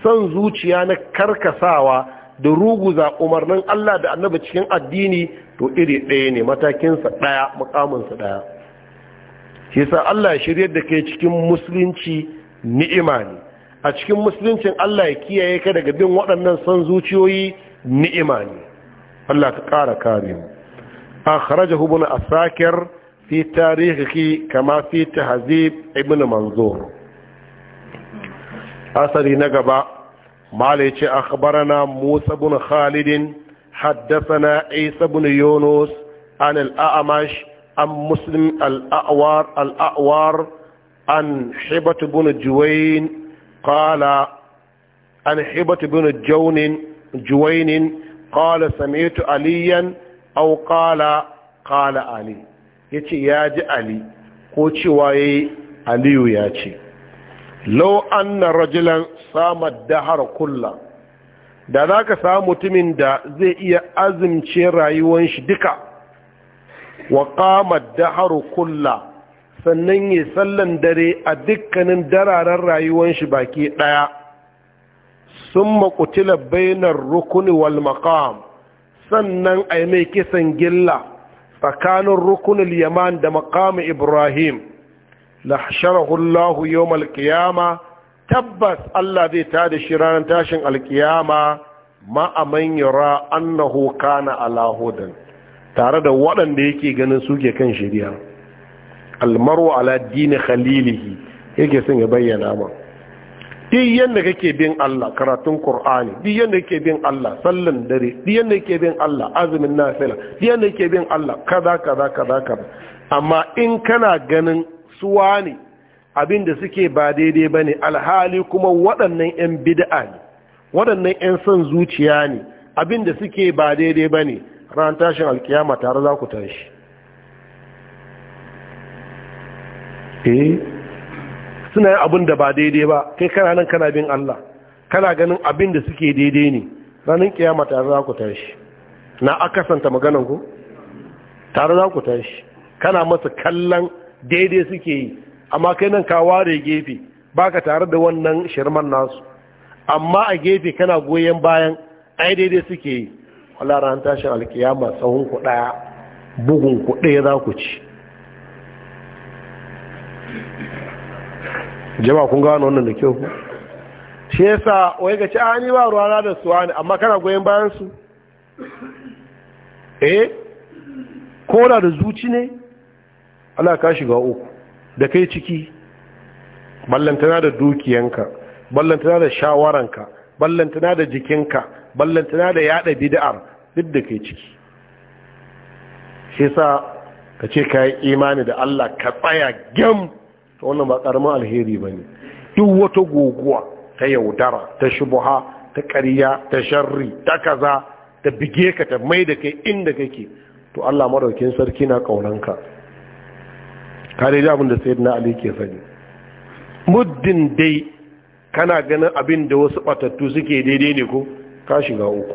Speaker 1: san zuciya na karkasawa da ruguza umarnin Allah da annabi cikin addini to iri ɗaya ne matakinsa ɗaya mukaminsa ɗaya shi sa Allah ya shirye da kai cikin musulunci ni'ima ne a cikin musuluncin Allah ya kiyaye ka daga bin waɗannan san zuciyoyi ni'ima ne Allah ka ƙara kare mu akhrajahu a asakir fi tarihi kama fi tahzib ibn manzur asari na gaba malai ce akhbarana musa bin haddasa na isa bin yunus an al-a'mash an muslim al an hibat bin juwayn qala an sami'tu aliyan aw kala ali ya ce ya ji ali ko cewa ya yi aliyu ya ce lau na rajilan samar dahar kulla da za ka samu mutumin da zai iya azumce rayuwan shi duka wa kamar dahar kulla sannan ya sallan dare a dukkanin dararen rayuwan shi baki ɗaya sun makutila bainar rukuni wal makam sannan a mai kisan gilla tsakanin rukunin yaman da makamu ibrahim lahsharahullahu yawm alqiyama tabbas Allah zai tada shi ranar tashin alqiyama ma aman yara annahu kana ala hudan tare da waɗanda yake ganin suke kan shari'a almaru ala dini khalilihi yake son ya bayyana mana duk yadda kake bin Allah karatun Qur'ani duk yadda kake bin Allah sallan dare duk yadda kake bin Allah azumin nafila duk yadda kake bin Allah kaza kaza kaza kaza amma in kana ganin suwa ne abin da suke ba daidai bane alhali kuma waɗannan yan bid'a ne waɗannan yan son zuciya ne abin da suke ba daidai bane ran tashin alkiyama tare za ku tashi eh suna yin abin da ba daidai ba kai kana nan kana bin Allah kana ganin abin da suke daidai ne ranar kiyama tare za ku tashi na akasanta maganan ku tare za ku tashi kana masa kallon daidai suke yi amma kai nan ka ware gefe baka tare da wannan shirman nasu amma a gefe kana goyon bayan ai daidai suke yi wala ran tashin alkiyama tsawon ku daya bugun ku daya za ku ci jama'a kun gano wannan da kyau shi yasa wai ga ci a ni ba ruwana da suwa ne amma kana goyon bayan su eh ko da da zuci ne ana ka shiga uku da kai ciki ballantana da dukiyanka ballantana da shawaranka ballantana da jikinka ballantana da yada bid'ar duk da kai ciki shi yasa ka ce ka yi imani da Allah ka tsaya gem to wannan ba karamin alheri ba ne duk wata guguwa ta yaudara ta shubuha ta ƙarya ta sharri ta kaza ta bige ka ta mai da kai inda kake to Allah madaukin sarki na kaunanka ka dai abin da sayyidina ali ke faɗi muddin dai kana ganin abin da wasu batattu suke daidai ne ko ka shiga uku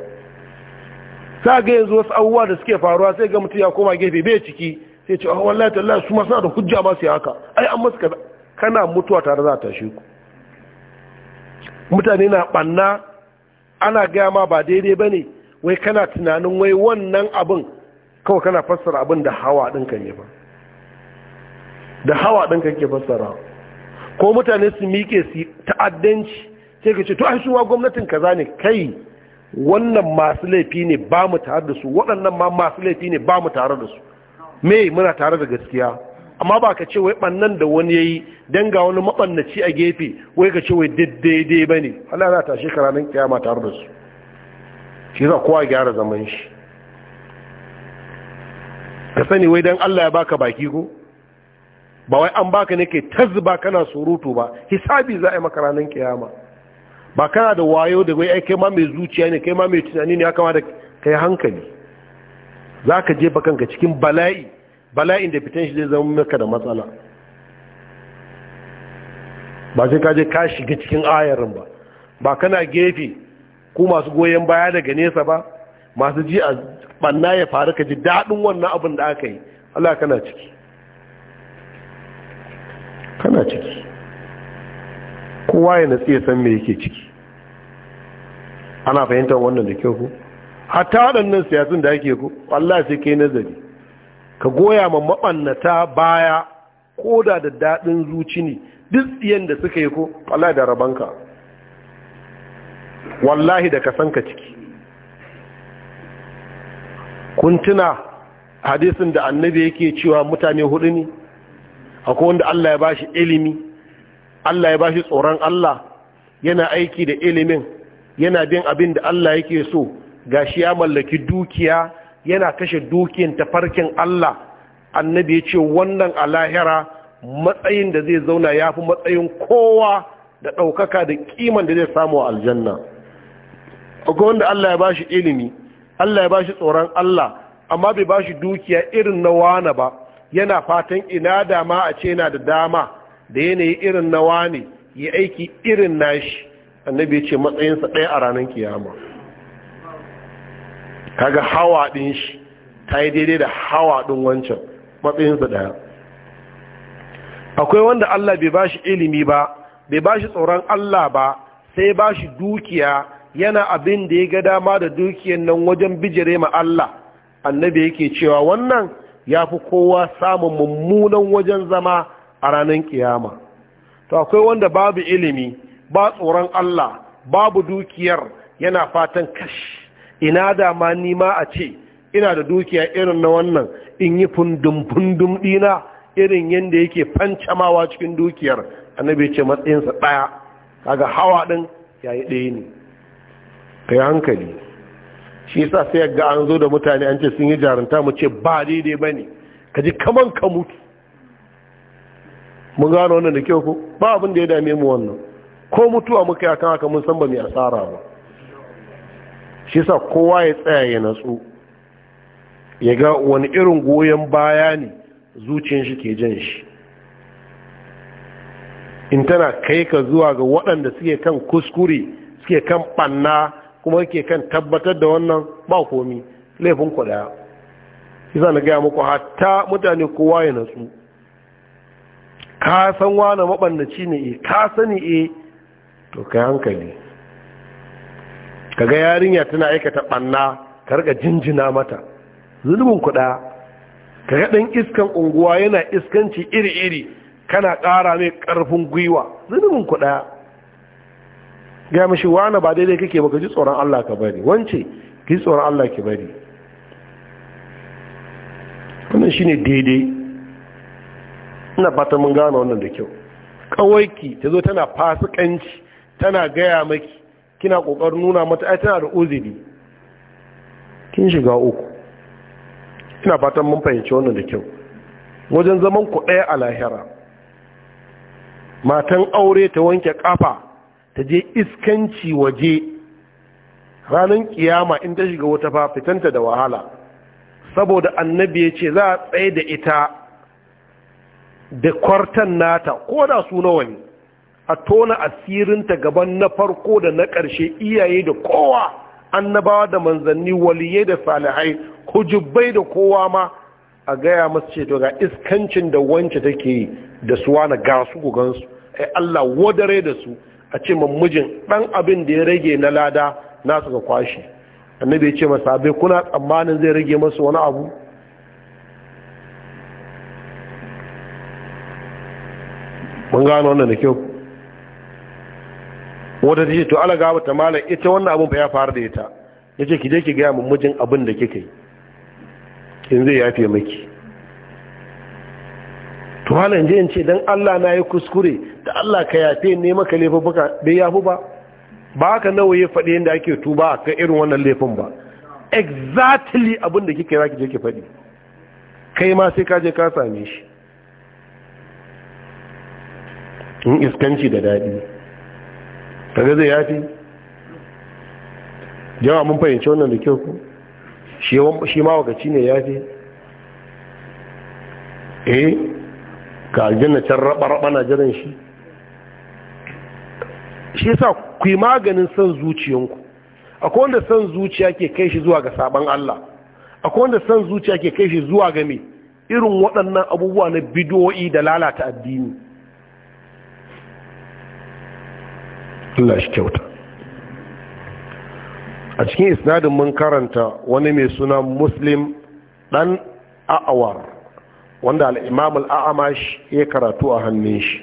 Speaker 1: sa ga yanzu wasu abubuwa da suke faruwa sai ga mutum ya koma gefe bai ciki sai ce a ah, wallahi lalata su masu suna da hujja masu su haka ai an masu kaza kana mutuwa tare za ta shi ku mutane na banna ana gaya ma ba daidai ba ne wai kana tunanin wai wannan abin kawai kana fassara abin da hawa ɗinka ne ba da hawa ɗinka ke fassara ko mutane su miƙe su ta'addanci sai ka ce to ai suwa gwamnatin kaza ne kai wannan masu laifi ne ba mu tare da su waɗannan ma masu laifi ne ba mu tare da su me muna tare da gaskiya amma ba ka ce wai bannan da wani yayi dan ga wani mabannaci a gefe wai ka ce wai daidai bane Allah ya tashi karanin kiyama tare da su shi za kowa gyara zaman shi ka sani wai dan Allah ya baka baki ko ba wai an baka ne kai tazba kana surutu ba hisabi za a yi maka ranar kiyama ba kana da wayo da wai ai kai ma mai zuciya ne kai ma mai tunani ne ya kama da kai hankali za ka jefa kanka cikin bala'i bala'in da fitan shi zai zama maka da matsala ba sai ka je ka shiga cikin ayarin ba ba kana gefe ko masu goyon baya daga nesa ba masu ji a banna ya faru ka ji daɗin wannan abin da aka yi Allah kana ciki kana ciki kowa ya natsi ya san me yake ciki ana fahimtar wannan da kyau ko. hatta waɗannan siyasun da ake ku Allah sai kai nazari ka goya ma maɓannata baya ko da da daɗin zuci ne duk tsiyan da suka yi ko Allah da ka, wallahi da ka san ka ciki Kuntuna hadisin da annabi yake cewa mutane hudu ne akwai wanda Allah ya bashi ilimi Allah ya bashi tsoron Allah yana aiki da ilimin yana bin abin da Allah yake so gashi ya mallaki dukiya yana kashe dukiyan tafarkin Allah annabi ya ce wannan a lahira matsayin da zai zauna ya fi matsayin kowa da ɗaukaka da kiman da zai samu a aljanna akwai wanda Allah ya ba shi ilimi Allah ya ba shi tsoron Allah amma bai ba shi dukiya irin na wane ba yana fatan ina dama a ce yana da dama da yanayi irin na wane yi aiki irin nashi annabi ya ce matsayinsa ɗaya a ranar kiyama kaga hawa din shi ta yi daidai da hawa din wancan matsayinsa daya akwai wanda Allah bai bashi ilimi ba bai bashi tsoron Allah ba sai bashi dukiya yana abin da ya ga dama da dukiyan nan wajen bijire ma Allah annabi yake cewa wannan ya fi kowa samun mummunan wajen zama a ranar kiyama to akwai wanda babu ilimi ba tsoron Allah babu dukiyar yana fatan kashi ina da ma nima a ce ina da dukiya irin na wannan in yi fundum-fundum dina irin yadda yake fancamawa cikin dukiyar annabi ce matsayinsa ɗaya kaga hawa ɗin yi ɗaya ne yi hankali shi yasa sai ga an zo da mutane an ce sun yi jarunta mu ce ba daidai ba ne ka ji kaman ka mutu mun gano wannan da kyau ko ba abin da ya dame mu wannan ko mutuwa muka yi kan haka mun san ba mai asara ba shi sa kowa ya tsaya ya natsu ya ga wani irin goyon baya ne zuciyar shi ke jan shi in tana kai ka zuwa ga waɗanda suke kan kuskure suke kan ɓanna kuma ke kan tabbatar da wannan ba komi laifin ku daya sa na gaya muku hatta mutane kowa ya natsu ka san wane maɓannaci ne e ka sani e to kai hankali kaga yarinya tana aikata banna ka riga jinjina mata zulmin kuɗa kaga dan iskan unguwa yana iskanci iri-iri kana kara mai karfin gwiwa zulmin kuɗa ga mashi wani ba daidai kake ba ji tsoron Allah ka bari wance ki tsoron Allah ki bari wannan shine daidai ina fata mun gane wannan da kyau kawai ki tazo tana fasikanci tana gaya maki kina kokarin nuna mata ai tana da uzuri kin shiga uku ina fatan mun fahimci wannan da kyau wajen zaman ku ɗaya a lahira matan aure ta wanke kafa ta je iskanci waje ranar kiyama in ta shiga wata fa fitanta da wahala saboda annabi ya ce za a tsaye da ita da kwartan nata ko da su nawa ne a tona asirinta gaban na farko da na ƙarshe iyaye da kowa annabawa da manzanni waliyai da salihai hujubbai da kowa ma a gaya masu ce ga iskancin da wance take yi da suwa na gasu gugansu ai Allah wadare da su a ce mamujin dan abin da ya rage na lada nasu ga kwashe annabi ya ce masa kuna tsammanin zai rage masu wani abu mun gano wannan da kyau wata ta ce to ala gaba ta malam ita wannan abin fa ya faru da ita ya ce ki ki gaya mijin abin da kika yi in zai yafe maki to malam je in ce dan Allah na yi kuskure da Allah ka yafe ne maka laifuka bai yafu ba ba haka nawa ya faɗi yadda ake tuba a kan irin wannan laifin ba exactly abin da kika yi zaki je ki faɗi kai ma sai ka je ka same shi in iskanci da daɗi kaga zai yafi jama'a mun fahimci wannan da kyau ku shi ma wakaci ne yafi eh ka aljanna can raba-raba na jiran shi shi sa ku yi maganin son zuciyanku akwai wanda son zuciya ke kai shi zuwa ga sabon Allah akwai wanda son zuciya ke kai shi zuwa ga me irin waɗannan abubuwa na bidoyi da lalata addini Allah shi kyauta a cikin isnadin mun karanta wani mai suna muslim dan a'awar wanda al'imam al'amash ya karatu a hannun shi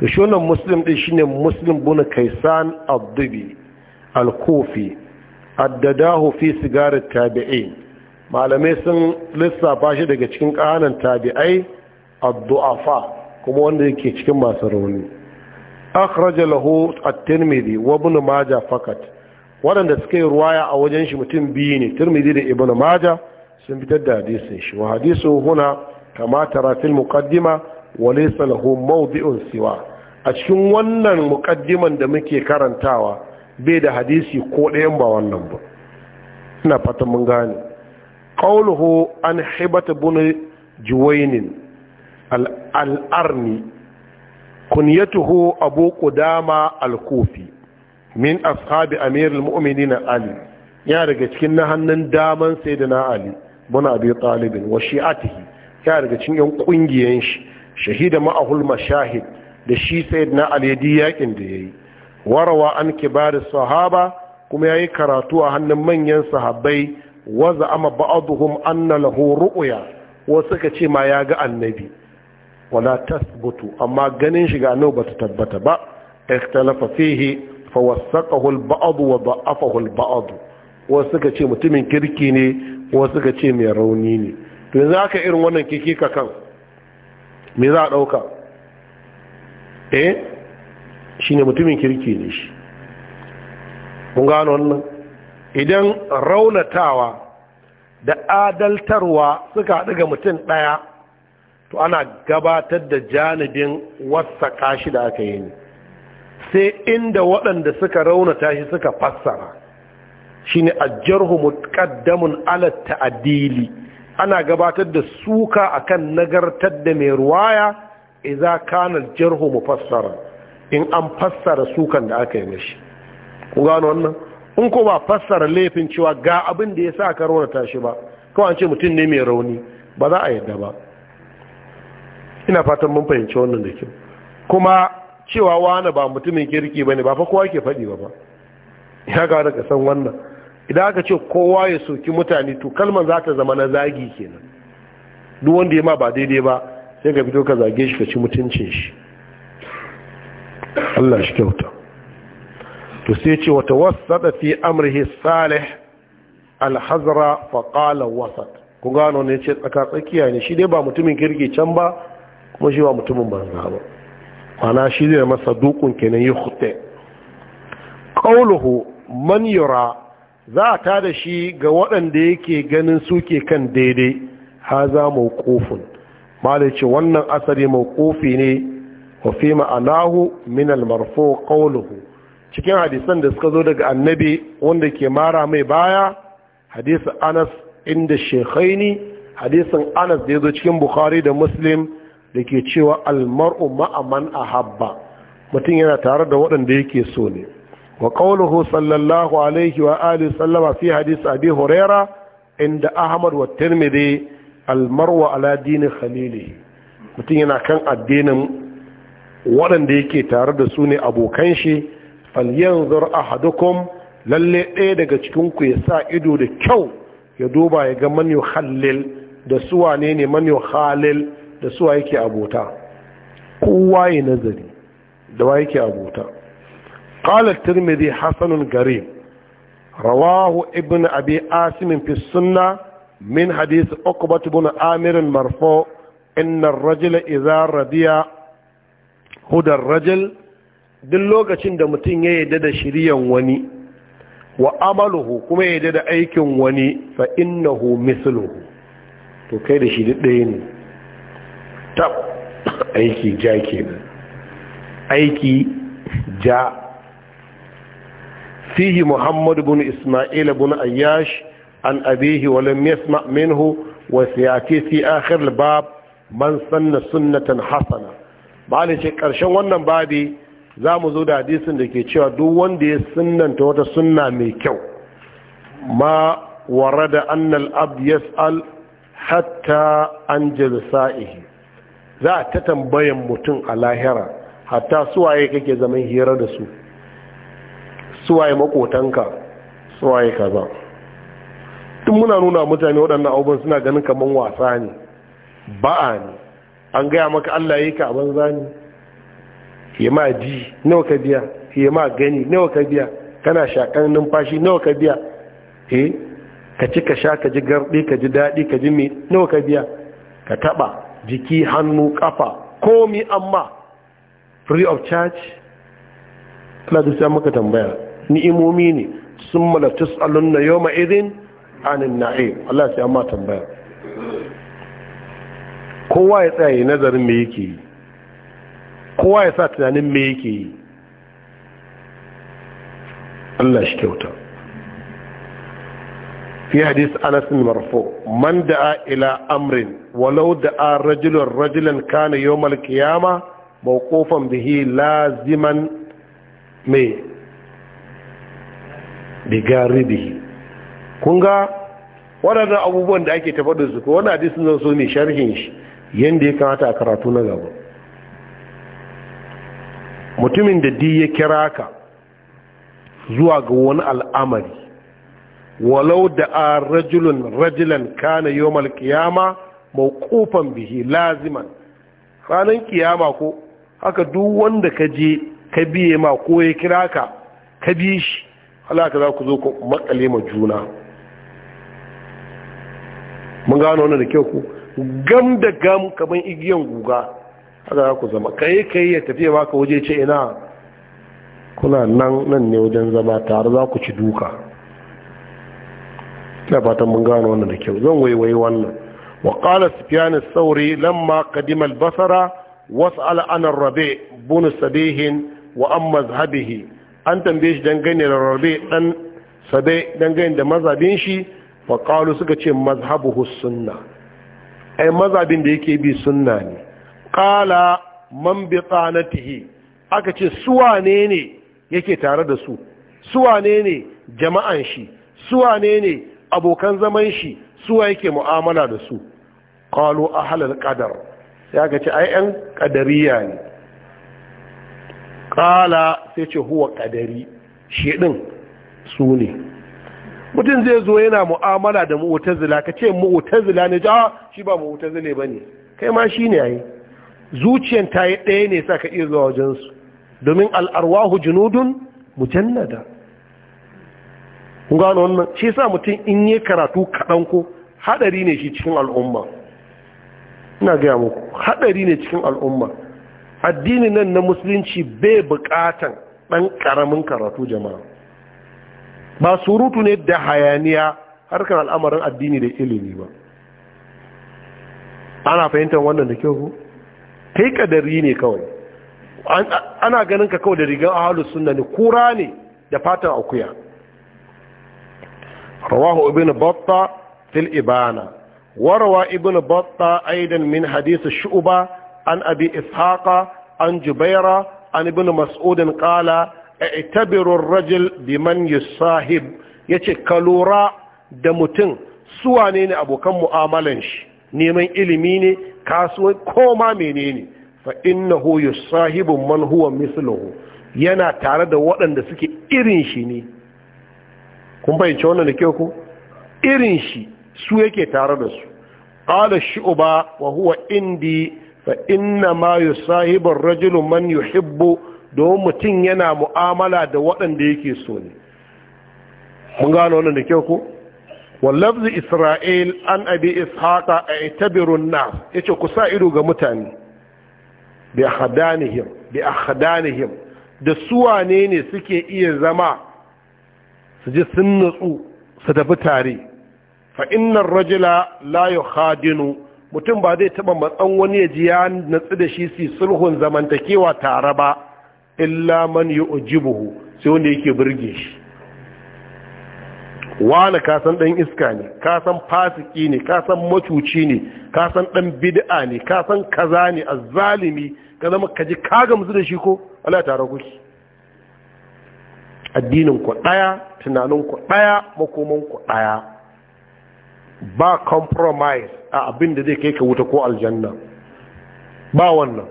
Speaker 1: da shi wannan muslim ɗin shine muslim buna kaisan abdubi al-kofi addadahu fi sigar tabi'in malamai sun lissafa shi daga cikin ƙanan tabi'ai ad-du'afa kuma wanda yake cikin masu rauni akhraja lahu at-tirmidhi wa ibn majah fakat waɗanda suka yi ruwaya a wajen shi mutum biyu ne tirmidhi da ibn majah sun fitar da hadisin shi wa hadisu huna kama tara fil muqaddima wa laysa lahu mawdi'un siwa a cikin wannan muqaddiman da muke karantawa bai da hadisi ko ɗayan ba wannan ba ina fatan mun gane qawluhu an hibata bin juwainin al-arni kunyatuhu abu kudama al-kufi min ashabi amir al-mu'minin ali ya daga cikin na hannun daman sayyidina ali bin abi talib wa shi'atihi ya daga cikin yan kungiyen shi shahida ma'ahul mashahid da shi na ali di yakin da yayi warawa an kibar sahaba kuma yayi karatu a hannun manyan sahabbai wa za'ama ba'dhum anna lahu ru'ya wasu ka ce ma ya ga annabi wala tasbutu amma ganin shi ga annabi bata tabbata ba ikhtalafa fihi fawassaqahu al-ba'd wa da'afahu al-ba'd wasu suka ce mutumin kirki ne wasu suka ce mai rauni ne to yanzu aka irin wannan kiki ka kan me za a dauka eh shine mutumin kirki ne shi kun gano wannan idan raunatawa da adaltarwa suka haɗu ga mutum ɗaya to ana gabatar da janibin wasaƙa shi da aka yi ne sai inda waɗanda suka rauna tashi suka fassara shi ne ajarhu muƙaddamun ala ta'adili ana gabatar da suka akan nagartar da mai ruwaya idza kanar jarhu fassara in an fassara sukan da aka yi mashi ku gano wannan in ko ba fassara laifin cewa ga abin da ya sa ka rauna tashi ba kawance mutum ne mai rauni ba za a yadda ba ina fatan mun fahimci wannan da kyau kuma cewa wani ba mutumin kirki ba ne ba fa kowa ke faɗi ba ba ya ga daga san wannan idan aka ce kowa ya soki mutane to kalman za ta zama na zagi kenan duk wanda ya ma ba daidai ba sai ka fito ka zage shi ka ci mutuncin shi Allah shi kyauta to sai ce wata wasata fi amrihi salih alhazra fa qala wasat ku gano ne ce tsaka tsakiya ne shi dai ba mutumin kirki can ba kuma shi ba mutumin banza ba mana shi ne masa dukun kenan yi hutu ƙauluhu man yura za a ta da shi ga waɗanda yake ganin suke kan daidai haza mawqufun malai ce wannan asali ƙofi ne wa fi ma'anahu min al ƙauluhu cikin hadisan da suka zo daga annabi wanda ke mara mai baya hadisan Anas inda shekhaini hadisin Anas da ya zo cikin Bukhari da Muslim da ke cewa almar'u ma'aman a habba mutum yana tare da waɗanda yake so ne wa qawluhu sallallahu alaihi wa alihi sallama fi hadis abi huraira inda ahmad wa tirmidhi almar'u ala dini khalilihi mutum yana kan addinin waɗanda yake tare da su ne abokan shi falyanzur ahadukum lalle ɗaya daga cikin ku ya sa ido da kyau ya duba ya ga man yukhallil da suwane ne man yukhalil da suwa yake abota kowa ya nazari da wa yake abota ƙalar tirmidhi hasanun garib rawahu ibn abi asimin fi sunna min hadith uqbah ibn amirin marfo إن الرجل izar radiya hudar rajil duk lokacin da mutum ya yarda da shiryan wani wa amaluhu kuma ya yarda da aikin wani fa innahu misluhu to kai da shi ɗaya ne tab aiki ja kenan aiki ja fihi muhammadu bin isma'il bin ayyash an abihi wa lam yasma minhu wa sayati fi akhir al man sanna sunnatan hasana bale ce karshen wannan babi zamu zo da hadisin da ke cewa duk wanda ya sunnanta wata sunna mai kyau ma warada anna al-abd yas'al hatta an jalsa'ihi za a ta tambayan mutum a lahira hatta suwaye kake zaman hira da su suwaye makotanka suwaye kaza tun muna nuna mutane waɗannan abubuwan suna ganin kamar wasa ne ba'a ne an gaya maka Allah yi ka a banza ne ya ma ji nawa ka biya ya ma gani nawa ka biya kana shakan numfashi nawa ka biya eh ka ci ka sha ka ji garɗe ka ji daɗi ka ji mai nawa ka biya ka taɓa jiki hannu kafa komi amma free of charge Allah da sai maka tambaya ni'imomi ne sun mala tus'alunna yawma idhin anin na'im Allah sai amma tambaya kowa ya tsaya nazarin me yake yi kowa ya sa tunanin me yake yi Allah shi kyauta في حديث أنس مرفوع من دعا إلى أمر ولو دعا رجل رجلا كان يوم القيامة موقوفا به لازما مي بجاربه كونغا waɗannan abubuwan da ake tafaɗin su wani hadisun zan so ne sharhin shi Yanda ya kamata a karatu na gaba mutumin da di ya kira ka zuwa ga wani al'amari walau da a rajulun rajulan kana yomal mai mawqufan bihi laziman ranan kiyama ko haka duk wanda ka je ka biye ma ko ya kira ka ka bi shi halaka za ku zo ku makale ma juna mun gano wannan da kyau ku gam da gam kaman igiyan guga haka za ku zama kai kai ya tafiya ka waje ce ina kuna nan nan ne wajen zama tare za ku ci duka ta fatan mun gano wannan da kyau zan waiwayi wannan wa qala sufyan as-sauri lamma qadima al-basra was'ala an ar-rabi bun sabih wa am mazhabihi an tambaye shi dangane da rabi dan sabe dangane da mazhabin shi fa qalu suka ce mazhabuhu sunna ai mazhabin da yake bi sunna ne qala man bi qanatihi aka ce suwane ne yake tare da su suwane ne jama'an shi suwane ne abokan zaman shi suwa yake mu'amala da su qalu halar qadar ya ga ce ai yan qadariya ne qala sai ce huwa qadari shi din su ne mutum zai zo yana mu'amala da mu'tazila ka ce mu'tazila ne ja shi ba mu'tazile bane kai ma shi ne ai zuciyan ta yi ɗaya ne sa ka iya zuwa wajensu domin al'arwahu junudun mujannada gano wannan shi sa mutum in yi karatu kaɗan ko haɗari ne shi cikin al'umma ina gaya muku haɗari ne cikin al'umma addini nan na musulunci bai buƙatan ɗan ƙaramin karatu jama'a ba surutu ne da hayaniya harkar al'amarin addini da ilimi ba ana fahimtar wannan da kyau kai kadari ne kawai ana ganin ka kawai da rigar ahalus sunna ne kura ne da fatan akuya رواه ابن بطة في الإبانة وروى ابن بطة أيضا من حديث الشعبة عن أبي إسحاق عن جبيرة عن ابن مسعود قال اعتبروا الرجل بمن يصاحب yace ka lura da mutum Su Wanene abokan mu'amalan shi neman ilimi ne kasuwan koma menene fa innahu yusahibu man yana tare da waɗanda suke irin shi ne kun fahimci wannan da kyau ku irin shi su yake tare da su qala shu'ba wa huwa indi fa inna ma yusahibu ar-rajulu man yuhibbu do mutum yana mu'amala da waɗanda yake so ne mun gano wannan da kyau ku Wa lafz isra'il an abi ishaqa a an nas yace ku sa ido ga mutane bi ahdanihim bi ahdanihim da suwane ne suke iya zama su ji sun nutsu su tafi tare fa innar rajula la yukhadinu mutum ba zai taɓa matsan wani ya ji ya natsu da shi su sulhun zamantakewa tare ba illa man yu'jibuhu sai wanda yake burge shi wani kasan ɗan iska ne kasan fasiki ne kasan macuci ne kasan ɗan bid'a ne kasan kaza ne zalimi ka zama ka ji kagamsu da shi ko Allah tare kuki addinin ku ɗaya tunanin ku ɗaya makoman ku ɗaya ba compromise a abin da zai kai ka wuta ko aljanna ba wannan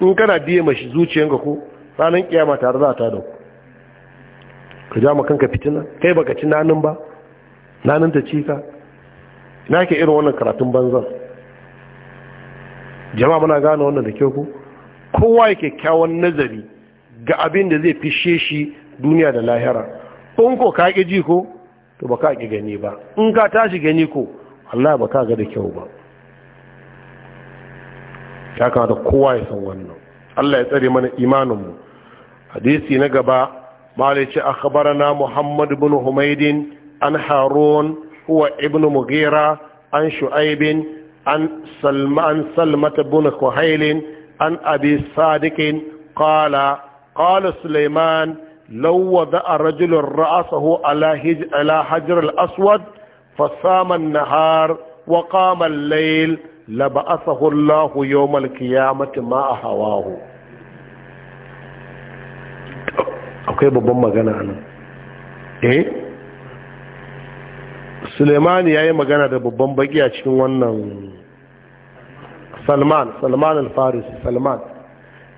Speaker 1: in kana biye mashi zuciyanka ko ranar kiyama tare za ta da ku ka ja kanka fitina kai baka ci nanin ba nanin ta ci ka na ke irin wannan karatun banzan jama'a muna gane wannan da kyau ku kowa ya kyakkyawan nazari ga abin da zai fishe shi duniya da lahira in ko ka ƙi ji ko to ba ka ƙi gani ba in ka tashi gani ko Allah ba ka ga da kyau ba ya kamata kowa ya san wannan Allah ya tsare mana imaninmu hadisi na gaba mala ce na Muhammad ibn Humaydin an Harun huwa ibn Mughira an Shu'aibin an Salman salmata ibn kuhailin an Abi Sadiqin, qala qala Sulaiman Lauwa wada'a rajulun ra'asahu ala hij ala aswad fa sama an-nahar wa qama al-layl la ba'athahu Allah yawm al-qiyamati akwai babban magana anan Suleimani ya yi magana da babban baki a cikin wannan Salman, Salman al-Farisi, Salman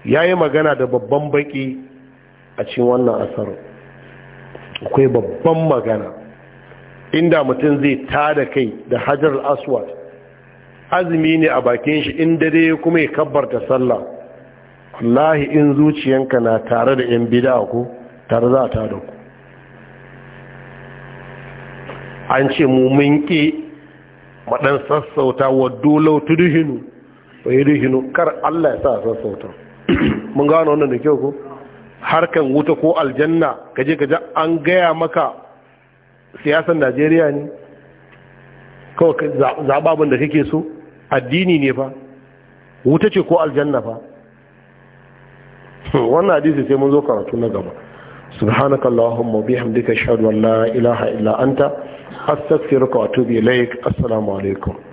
Speaker 1: ya yi magana da babban baƙi. a cikin wannan asar akwai babban magana inda mutum zai tada kai da hajar aswad azumi ne a bakin shi inda dai ya kuma ya kabbarta sallah wallahi in zuciyanka na tare da yan bida ku tare za ta da ku an ce mu mun ƙi maɗan sassauta wa dolau tuduhinu wa yi duhinu kar allah ya sa sassauta mun gano wannan da kyau ku harkan wuta ko aljanna gaje-gaje an gaya maka siyasar najeriya ne kawai zaɓa abin da kake so addini ne fa wuta ce ko aljanna fa wannan hadisi sai mun zo karatu na gaba سبحانك اللهم وبحمدك اشهد ان لا اله الا انت استغفرك واتوب اليك السلام عليكم